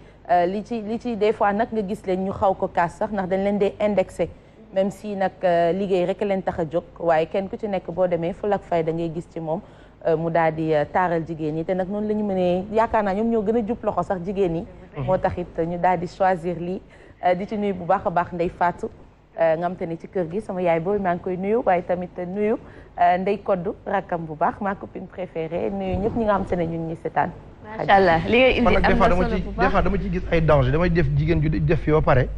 li ci li ci des fois nag nga gis leen ñu xaw ko kaas sax ndax dañ leen dee indexé. même si nag liggéey rek leen tax a jóg waaye kenn ku ci nekk boo demee ful ak fay da ngay gis ci moom. Euh, mu daal di euh, taaral jigéen ñi te nag noonu la ñu mënee yaakaar naa ñoom ñoo gën a jub loxo sax jigéen ñi. Mhm. moo tax it ñu daal di choisir lii euh, di ci nuyu bu baax a baax nday Fatou. nga xam te ne ci kër gi sama yaay booy maa ngi koy nuyu waaye tamit nuyu Ndeye Koddu rakkam bu baax ma copine préférée nuyu ñëpp ñi nga xam te ne ñun ñi seetaan. macha allah li ngay indi am na solo bu baax dama ciy gis ay danger damay def jigéen ju def fi ba pare.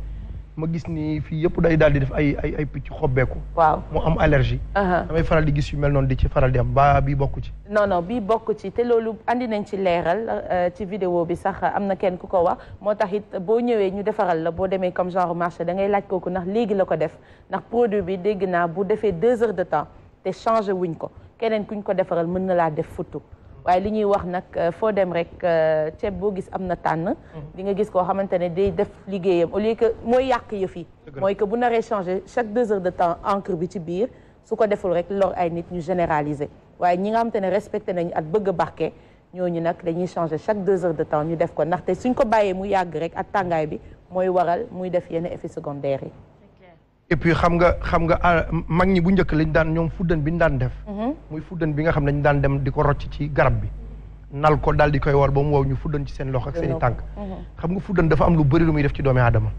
ma gis ni fii yëpp day daal di def ay ay ay picc xobbeeku waaw mu am allergie uh-huh. damay faral di gis yu mel noonu di ci faral di am ba bii bokk ci non non bii bokk ci te loolu andi nañ ci leeral euh, ci vidéo bi sax am na kenn ku ko wax moo tax it boo ñëwee ñu defaral la boo demee comme genre marché da ngay laaj kooku ndax léegi la ko def ndax produit bi dégg naa bu defee deux heures de temps te changé wuñ ko keneen ku ñu ko defaral mën na laa def futu waaye li ñuy wax nag euh, foo dem rek euh, ceeb boo gis am na tànn. Mhm. di nga gis koo xamante ne day def liggéeyam au lieu que mooy yàq yëf mooy que bu naree changer chaque deux heures de temps encre bi ci biir su ko deful rek lor ay nit ñu généraliser waaye ñi nga xamante ne respecté nañu at bëgg a barke ñooñu nag dañuy changer chaque deux heures de temps ñu def ko ndaxte suñ ko bàyyee mu yàgg rek ak tàngaay bi mooy waral muy def yenn effets secondaires yi. et puis xam nga xam nga ah, mag ñi bu njëkk lañ daan ñoom fuddan bi ñu daan def. Mm-hmm. muy fuddan bi nga xam ne dañ daan dem di ko rocc ci garab bi. nal ko dal di koy war ba mu wow ñu fuddan ci seen loxo ak seen tànk. Mm-hmm. xam nga fuddan dafa am lu bëri lu muy def ci doomi adama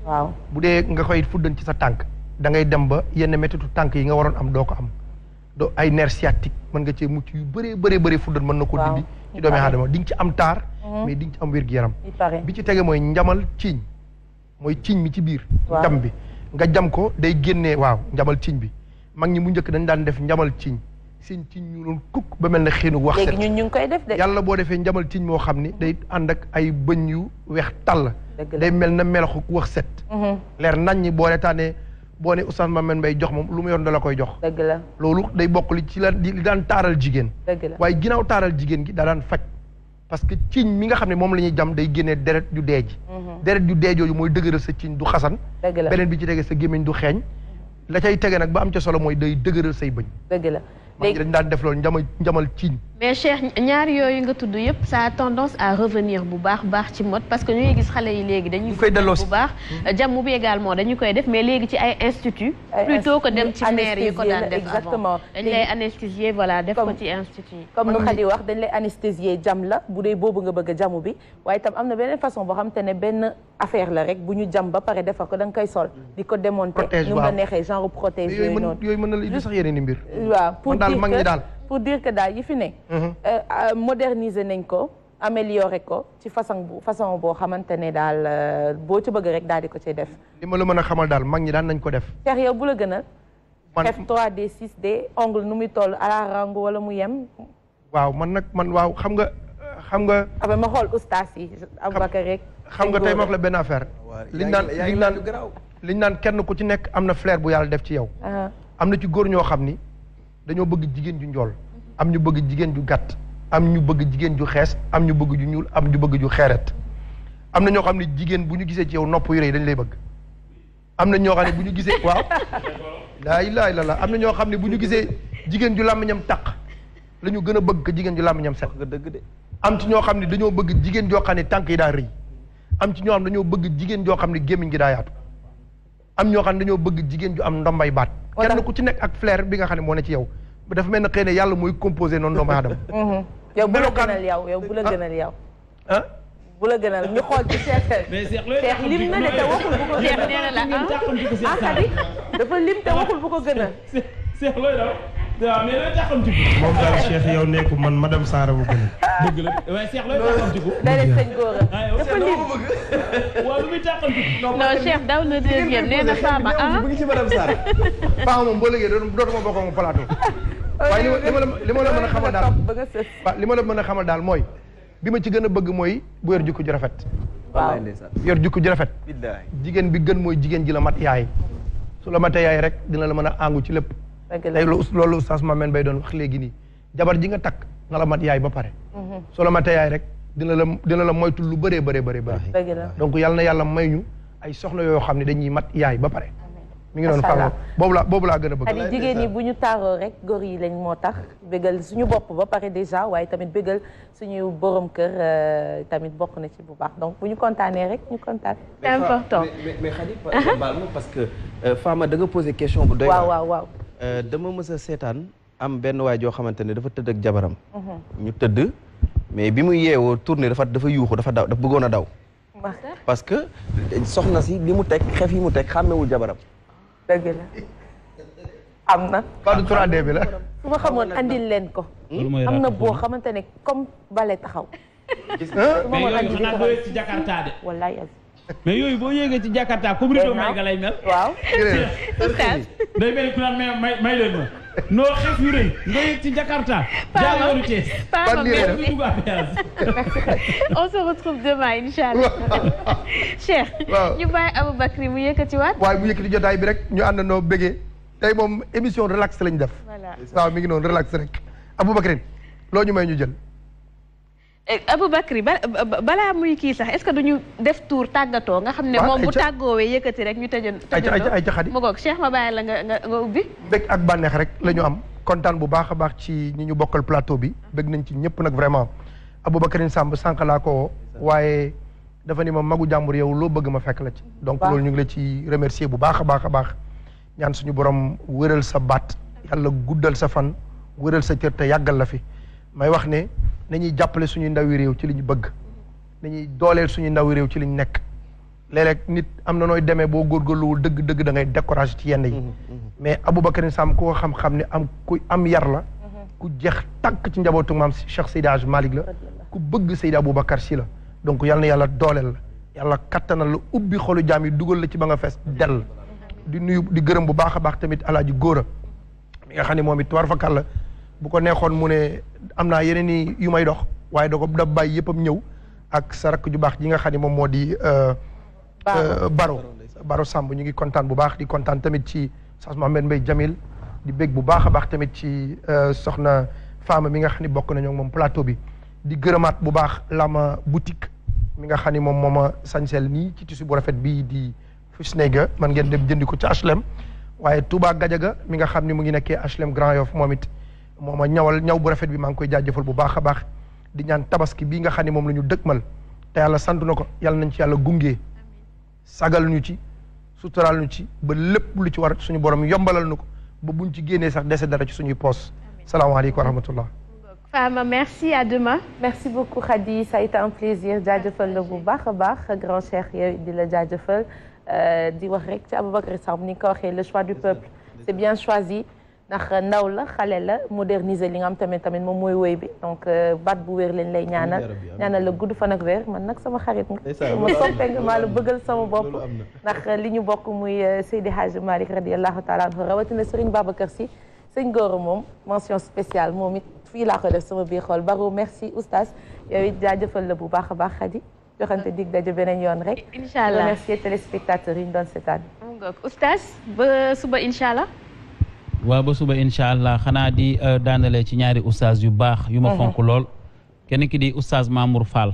bu dee nga koy fuddan ci sa tànk. da ngay dem ba yenn méttitu tànk yi nga waroon am doo ko am doo ay nerf sciatique mën nga cee mucc yu bëree bëree bëri fuddan mën na ko dindi. ci doomi aadama di ci am taar. Mm-hmm. mais di ci am wér-gu-yaram. bi ci tege mooy njamal ciiñ mooy ciiñ mi ci biir. ndam bi nga jam ko day génnee waaw njamal ciñ bi mag ñi mu njëkk dañ daan def njamal ciñ seen ciñ ñu noonu kukk ba mel ne xiinu wax léegi ñun ngi koy def yàlla boo defee njamal ciñ moo xam ni day ànd ay bëñ yu weex tàll day mel na melaxu wax set mhm. leer nañ ñi boo retaanee boo ne Oustaz Mamane Mbaye jox moom lu mu yoon da koy jox loolu day bokk li ci la li daan taaral jigéen waaye ginnaaw taaral jigéen gi daa daan faj parce que ciiñ mi nga xam ne moom la ñuy jam day génnee deret ju dee ji mhm. deret ju dee jooju mooy dëgëral sa ciiñ du xasan beneen bi ci tege sa gémmiñ du xeeñ la cay tege nag ba am ca solo mooy day dëgëral say bëñ dëgg la léegi dañ daan def loolu njamal ciiñ mais Cheikh ñaar yooyu nga tudd yëpp ça a tendance à revenir bu baax baax ci mode parce que ñu ngi gis xale yi léegi dañuy koy delloo bu baax hmm. jàmm bi également dañu koy def mais léegi ci ay institut plutôt que dem ci maire yi ko daan def exactement dañ lay anesthésier voilà def ko ci institut yi comme nu Khady wax dañ lay anesthésier jam la bu dee boobu nga bëgg jamu bi waaye tam am na beneen façon boo xam te ne benn affaire la rek bu ñu jam ba pare defar ko da nga koy sol di ko démonter nu mu la neexee genre yooyu noonu yooyu mën na la indi sax daal mag ñi daal pour dire que daal yi fi ne mhm. euh, euh, moderniser nañ ko améliorer ko ci façon bu boo xamante ne daal euh, boo ci bëgg rek daal di ko ciy def li ma la mën a xamal daal mag ñi daal nañ ko def Cheikh yow bu la gën a def de d de d nu muy toll à la wala mu yem waaw man nag man waaw xam nga xam nga après ah ma xool ustaas yi Aboubacar rek xam nga tey ma la benn affaire liñ naan liñ naan naan kenn ku ci nekk am na flair bu yàlla def ci yow ah. am na ci góor ñoo xam ni dañoo bëgg jigéen ju njool am ñu bëgg jigéen ju gàtt am ñu bëgg jigéen ju xees am ñu bëgg ju ñuul am ñu bëgg ju xeeret am na ñoo xam ne jigéen bu ñu gisee ci nopp yu rëy dañ lay bëgg am na ñoo xam bu ñu gisee waaw laa ilaaha illallaah am na ñoo xam ne bu ñu gisee jigéen ju làmmiñam taq la ñu gën a bëgg ko jigéen ju làmmiñam set dëgg de am ci ñoo xam ne dañoo bëgg jigéen joo xam ne tànk yi daa am ci ñoo xam bëgg jigéen joo xam ne gémmiñ gi daa yaatu am ñoo xam ne dañoo bëgg jigéen ju am ndombay baat kenn ku ci nekk ak flair bi nga xam ne moo ne ci yow dafa mel ne xëy na yàlla mooy composé noonu doomu aadama mhm. yow bu la gënal yow yow bu la ah. gënal yow ah? bu la gënal ñu xool seex lim na ne ah. te waxul bu ko gënal dafa lim te waxul bu gënal waaw moom daal Cheikh yow nekk man madame Saara bu gën. dëgg la waaye Cheikh looy taxamtiku. dëgg na deuxième nee na Fama ah. Oh, li ma li la mën a xamal daal li ma la mën a xamal daal mooy. bi ma ci gën a bëgg mooy bu yor jikko ju rafet. waaw yor jikko ju rafet. jigéen bi gën mooy jigéen ji la mat yaay. su la matee yaay rek dina la mën a àngu ci lépp tey loolu oustaz Mamène Bay doon wax léegi nii jabar ji nga takk na la mat yaay ba pare mhm. soo la matee yaay rek dina la dina la moytu lu bëree bëree bëree bëri donc yal na yàlla may ñu ay soxna yoo xam ne dañuy mat yaay ba pare mi ngi doon faaw boobu la boobu laa a bëgg xale bu ñu taaroo rek góor yi lañ moo tax bégal suñu bopp ba pare déjà waaye tamit bégal suñu borom kër euh, tamit bokk na ci bu baax donc bu ñu kontaanee rek ñu kontaan important parce que euh, Fama da nga posé question bu doy waaw waaw Euh, dama mës seetaan am benn waay joo xamante ne dafa tëdd ak jabaram. Mhm. ñu tëdd mais bi mu yeewoo tournée dafa dafa yuuxu dafa daw dafa bëggoon a daw. parce que soxna si li mu teg xef yi mu teg xàmmewul jabaram. dëgg am na. pas du 3 su ma xamoon andil leen ko. am na boo xamante ne comme bale taxaw. su ma mën andil taxaw mais yooyu xanaa doy ci mais yooyu boo yéegee ci Jakarta comme rideau may nga lay mel. waaw. may leen ma. noo xef yu rëy nga yéeg ci Jakarta. jaarooru Thiès. Paa on se retrouve demain incha allah. Cheikh. waaw ñu bàyyi Aboubacry mu yëkkati waat. waaye mu yëkkati jotaay bi rek ñu àndandoo bëggee tey moom émission relax lañ def. voilà waaw mi ngi noonu relax rek Aboubacry loo ñu may ñu jël. Eh, Aboubacry balaa muy kii sax est-ce que duñu def tour tàggatoo nga xam ne moom bu tàggoowee yëkkati rek ñu tëjën tëjën mu goog Cheikh ma bàyyi la nga nga nga ubbi bëgg ak bànneex rek la ñu mhm. am kontaan bu baax a baax ci ñi ñu bokkal plateau bi bëgg nañ ci ñëpp nag vraiment Aboubacry Samb sànq laa ko waaye dafa ni ma magu jàmbur yow loo bëgg ma fekk la ci donc loolu ñu ngi la ci remercier bu baax a baax a baax ñaan suñu borom wéral sa baat yàlla guddal sa fan wéral sa cër te yàggal la fi may wax ne nañuy jàppale suñu ndawi réew ci li ñu bëgg nañuy dooleel suñu ndawi réew ci li nekk léeg nit am na nooy demee boo góorgóorluwul dëgg dëgg da ngay ci yenn yi mm-hmm, mm-hmm. mais abu Sam ku ko xam-xam ne am ku am yar la mm-hmm. ku jeex tàkk ci njabootu maam Cheikh Seydi Hadj Malick la ku bëgg Seydi Aboubacar Sy la donc yàlla na yàlla dooleel la yàlla kattanal la ubbi xolu jaam yi dugal la ci ba nga fees dell di nuyu di gërëm bu baax a baax tamit alaaji góora mi nga xam ne moom it war fakal la bu ko neexoon mu ne am naa yeneen i yu may dox waaye da ko da bàyyi ñëw ak sa rakk ju baax ji nga xam ni moom moo di. Euh, euh, Baro Baro Samb ñu ngi kontaan bu baax di kontaan tamit ci Sass Mohamed Jamil di bég bu baax a baax tamit ci euh, soxna Fama mi nga xam ni bokk nañoo moom plateau bi di gërëmaat bu baax Lama boutique mi nga xam ni moom moom a sañseel nii ci tissu bu rafet bii di Fusnega man ngeen dem jëndiku ko ci HLM waaye tubaa Gadiaga mi nga xam ni mu ngi nekkee HLM Grand Yoff moom it. moom a ñawal ñaw bu rafet bi maa ngi koy jaajëfal bu baax a baax di ñaan tabaski bii nga xam ne moom la ñu dëkkmal te yàlla sant na ko yàlla nañ ci yàlla gunge sagal ñu ci suturaal ñu ci ba lépp lu ci war suñu borom yombalal ñu ko ba buñ ci génnee sax dese dara ci suñuy poos salaamaaleykum wa rahmatullah Fama merci à demain. merci beaucoup Khady ça a été un plaisir jaajëfal la bu baax a baax grand cheikh yow di la jaajëfal euh, di wax rek ci Aboubacar Samb ni nga ko waxee le choix du peuple c'est bien choisi. ndax ndaw la xale la moderniser li nga am tamit tamit moom mooy woy bi donc euh, baat bu wér leen lay ñaanal ñaanal la gudd fa nag wér man nag sama xarit nga ma soppe nga maa la bëggal sama bopp ndax euh, li ñu bokk muy euh, Seydi Hadji Malick radiallahu taala anhu rawatina Serigne Babacar Sy sëñ Gora moom mention spéciale moom it fii laa ko def sama biir xool Barou merci oustaz yow it jaajëfal la bu baax a baax Khady joxante dig daje beneen yoon rek incha allah remercier téléspectateurs yi ñu doon seetaan oustaz ba suba incha allah waaw ba suba incha allah xanaa di euh, daanale ci ñaari oustaz yu baax yu ma mhm. fonk lool kenn ki di oustaz Mamour Fall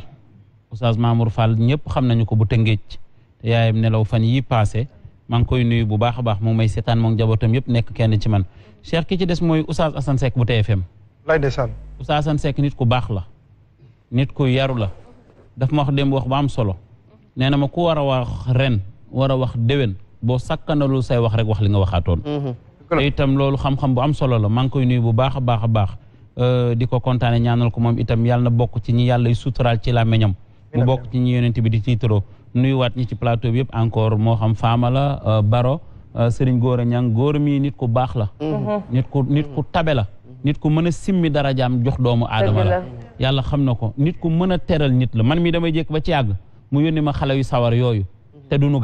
oustaz Mamour Fall ñëpp xam nañu ko bu tëngéej te yaayam nelaw fan yi passé maa ngi koy nuyu bu baax a baax moom may seetaan moom njabootam yëpp nekk kenn ci man Cheikh ki ci des mooy oustaz Assane Seck bu TFM lay desaan oustaz Assane Seck nit ku baax la nit ku yaru la daf ma wax démb wax ba am solo nee na ma ku war a wax ren war a wax déwén boo sakkanalul say wax rek wax li nga waxaatoon mhm. te itam loolu xam-xam bu am solo la maa ngi koy nuyu bu baax a baax a baax euh, di ko kontaane ñaanal ko moom itam yàlla na bokk ci ñi yàlla suturaal ci làmmiñam mu bokk ci ñi yonent bi di ci turo nuyuwaat ñi ci plateau bi yëpp encore moo xam faama la euh, baro euh, sëriñ góor a ñang góor mii nit ku baax la mm-hmm. Mm-hmm. nit ku nit ku tabe la mm-hmm. nit ku mën a simmi darajaam jox doomu aadama la yàlla xam na ko nit ku mën a teral nit la man mii damay jékk ba ci yàgg mu yónni ma xale yu sawar yooyu te duñu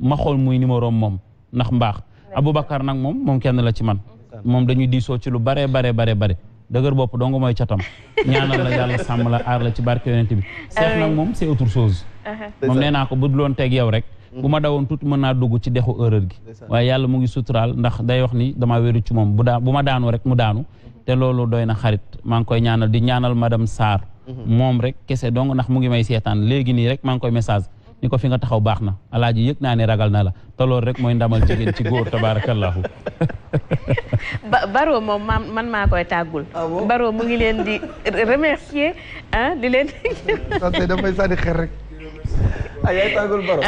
ma xool muy numéro moom ndax mbaax Aboubacar nag moom moom kenn la ci man moom dañuy diisoo ci lu bare bare bare bare dëgër bopp dong mooy catam ñaanal la yàlla sàmm la aar la ci barke yonent bi seex nag moom c'est autre chose uh-huh. moom nee naa ko bu duloon teg yow rek mm. bu ma dawoon tuuti mën naa dugg ci dexu erreur gi waaye yàlla mu ngi suturaal ndax day wax ni damaa wéru ci moom bu daa bu ma daanu rek mu daanu te loolu doy na xarit maa ngi koy ñaanal di ñaanal madame Sarr mm-hmm. moom rek kese dong ndax mu ngi may seetaan maa ni ko fi nga taxaw baax na alaaji yëg naa ne ragal na la te rek mooy ndamal jigéen ci góor tabaarakallaahu ba Baro moom ma man maa koy tàggul ah Baro mu ngi leen di remercier ah di leen dafay sànni xel rek ay ah, yaay tàggul Baro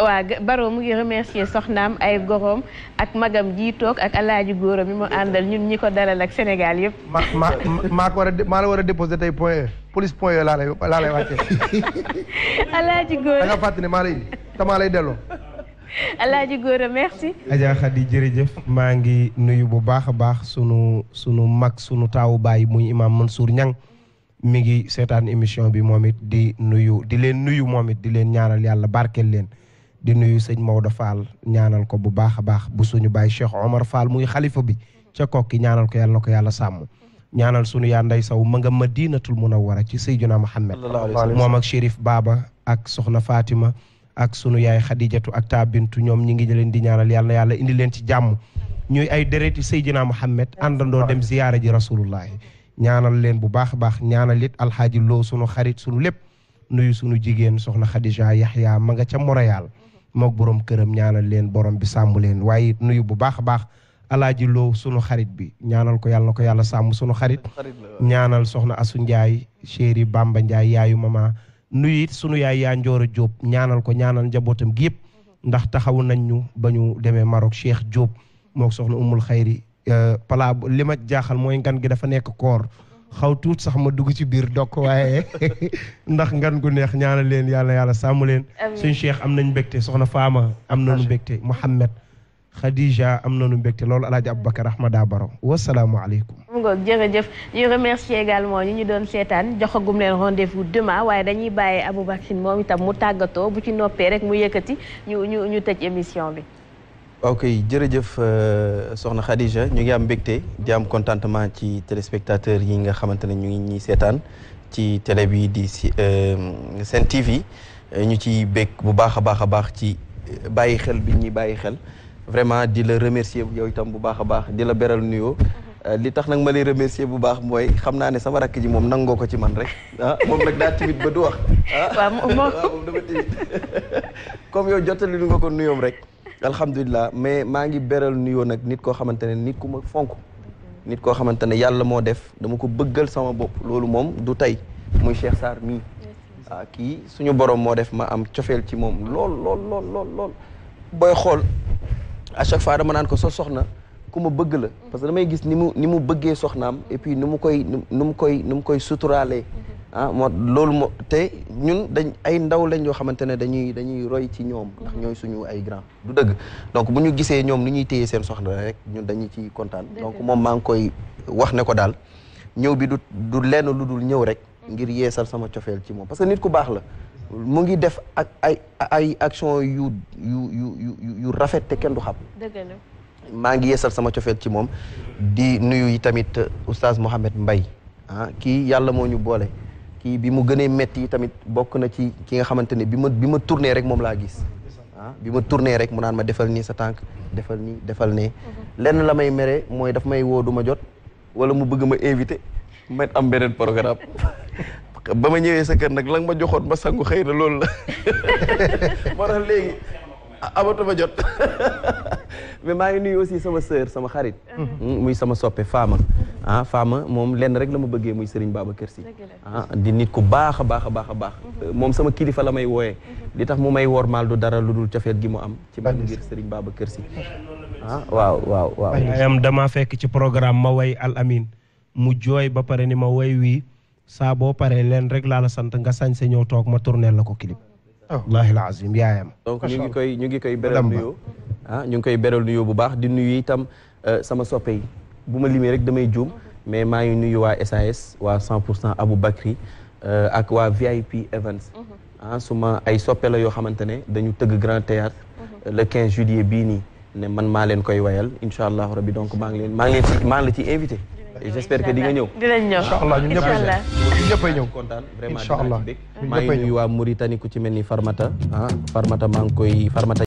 waa Baro mu ngi remercier soxnaam ay gorom ak magam ji toog ak alaaji góoram mi mu àndal ñun ñi ko dalal ak Sénégal yëpp. ma ma maa ko war a a déposé tey point e. police point yooyu e laa lay laa lay alaaji góor lay tamaa lay delloo. merci. Adja jërëjëf maa ngi nuyu bu baax a baax sunu sunu mag sunu taawu baay muy imam suur Niang mi ngi seetaan émission bi moom it di nuyu di leen nuyu moom it di leen ñaanal yàlla barkeel leen. di nuyu sëñ Maodo Fall ñaanal ko bu baax a baax bu suñu baay Cheikh Omar Fall muy xalifa bi ca kokki ñaanal ko yàlla na ko yàlla sàmm ñaanal sunu yaa nday saw ma nga madinatul munawwara ci Seydina Muhammad moom ak Chérif Baba ak soxna Fatima ak sunu yaay Xadijatu ak Tabintu ñoom ñi ngi leen di ñaanal yàlla yàlla indi leen ci jàmm ñuy ay dereti Seydina Muhammad àndandoo dem ziyaara ji rasulullahi ñaanal leen bu baax a baax ñaanal it alxaaji loo sunu xarit sunu lépp nuyu sunu jigéen soxna Xadija ma nga ca Montréal mook boroom këram ñaanal leen borom bi sàmm leen waaye nuyu bu baax a baax alaaji loo sunu xarit bi ñaanal ko yàlla na ko yàlla sàmm sunu xarit ñaanal soxna asu Ndiaye chéri Bamba Ndiaye yaayu mamaa nuyu sunu yaay yaa Njooro jóob ñaanal ko ñaanal njabootam gi yëpp ndax taxaw nañ ñu ba ñu demee Maroc Cheikh jóob mook soxna umul xayri euh, pala li ma jaaxal mooy ngan gi dafa nekk koor xaw tuut sax ma dugg ci biir dokk waaye ndax ngan gu neex ñaana leen yàlla yàlla sàmm leen suñ cheikh am nañ mbégte soxna faama am na nañu mbégte Mouhamed Khadija am na nañu mbégte loolu alaaji Aboubacar Ahmada Baro wasalaamualeykum mu ngoog jërëjëf ñuy remercier également ñi ñu doon seetaan joxagum leen rendez-vous demain waaye dañuy bàyyee Aboubacar moom itam mu tàggatoo bu ci noppee rek mu yëkkati ñu ñu ñu tëj émission bi waaw kay jërëjëf euh, soxna Khadija ñu ngi am mbégte di contentement ci téléspectateur yi nga xamante ne ñu ngi ñuy seetaan ci télé bi di euh, Sen TV ñu ci bég bu baax a baax a baax ci euh, bàyyi xel bi ñuy bàyyi xel vraiment di la remercier yow itam bu baax a baax di la beral nuyoo. li tax nag ma lay remercier bu baax mooy xam naa ne sama rakk ji moom nangoo ko ci man rek ah moom nag daa timit ba du wax. Ah. waaw moom moom dafa timit yow jottali nga ko nuyoom rek. alhamdulilah mais maa ngi beral nuyoon nag nit koo xamante ne nit ku ma fonk. nit koo xamante ne yàlla moo def dama ko bëggal sama bopp loolu moom du tey muy Cheikh Sarr mii. Ah, kii suñu borom moo def ma am cofeel ci moom lool lool lool booy xool à chaque fois dama naan ko sa soxna ku ma bëgg la parce que damay gis ni mu ni mu bëggee soxnaam et puis mu koy nu mu koy nu mu koy suturaalee. Mm-hmm. ah moo loolu moo te ñun dañ ay ndaw lañ yoo xamante ne dañuy dañuy roy ci ñoom ndax ñooy suñu ay grand du dëgg donc bu ñu gisee ñoom ni ñuy téye seen soxna rek ñun dañuy ci kontaan donc moom maa ngi koy wax ne ko daal ñëw bi du du lenn lu dul ñëw rek ngir yeesal sama cofeel ci moom parce que nit ku baax la mu ngi def ak ay ay action yu yu yu yu rafet te kenn du xam dëgg la maa ngi yeesal sama cofeel ci moom di nuyu yi tamit oustaz Mohamed mbay ah kii yàlla moo ñu boole kii bi mu gënee metti tamit bokk na ci ki nga xamante ne bi ma bi ma tourné rek moom laa gis ah bi ma tourné rek mu naan ma defal nii sa tànk defal nii defal nee lenn la may mere mooy daf may woo du ma jot wala mu bëgg ma invité ma am beneen programme ba ma ñëwee sa kër nag lan ma joxoon ma sangu xëy na loolu la moo tax léegi amatuma jot mais maa ngi nuyu aussi sama sœur sama xarit mhm. muy sama soppe Fama ah Fama moom lenn rek la ma bëggee muy Serigne Babacar Sy ah di nit ku baax a baax a baax a baax mhm. euh, moom sama kilifa la may wooyee mhm. li tax mu may wor maal du dara lu dul cofeel gi mu am ci man ngir Serigne Babacar Sy ah waaw waaw waaw dama fekk ci programme ma way Al Amin mu jooy ba pare ni ma way wii saa boo paree leen rek laa la sant nga sañ see ñëw toog ma tourné la ko clip Oh. wallaahi alazim yaayam donc ñu ngi koy ñu ngi koy beral nuyoo ah ñu ngi koy beral nuyoo bu baax di nuyu itam euh, sama soppe bu ma limee rek damay juum mais maa ngi nuyu waa SAS waa 100 pour cent Abou Bakri euh, ak waa VIP Events mhm. ah suma ay soppe la yoo xamante ne dañu tëgg Grand Théâtre mhm. euh, le 15 juillet bii nii ne man maa leen koy wayal incha allahu rabbi donc maa ngi leen maa maa ngi la ci invité j'espère que di nga ñëw. dinañ ñëw incha allah ñun ñëppay ñëw kontaan vraiment maa ngi nuyu waa Mauritanie ku ci mel ni Farmata ah Farmata maa ngi koy Farmata.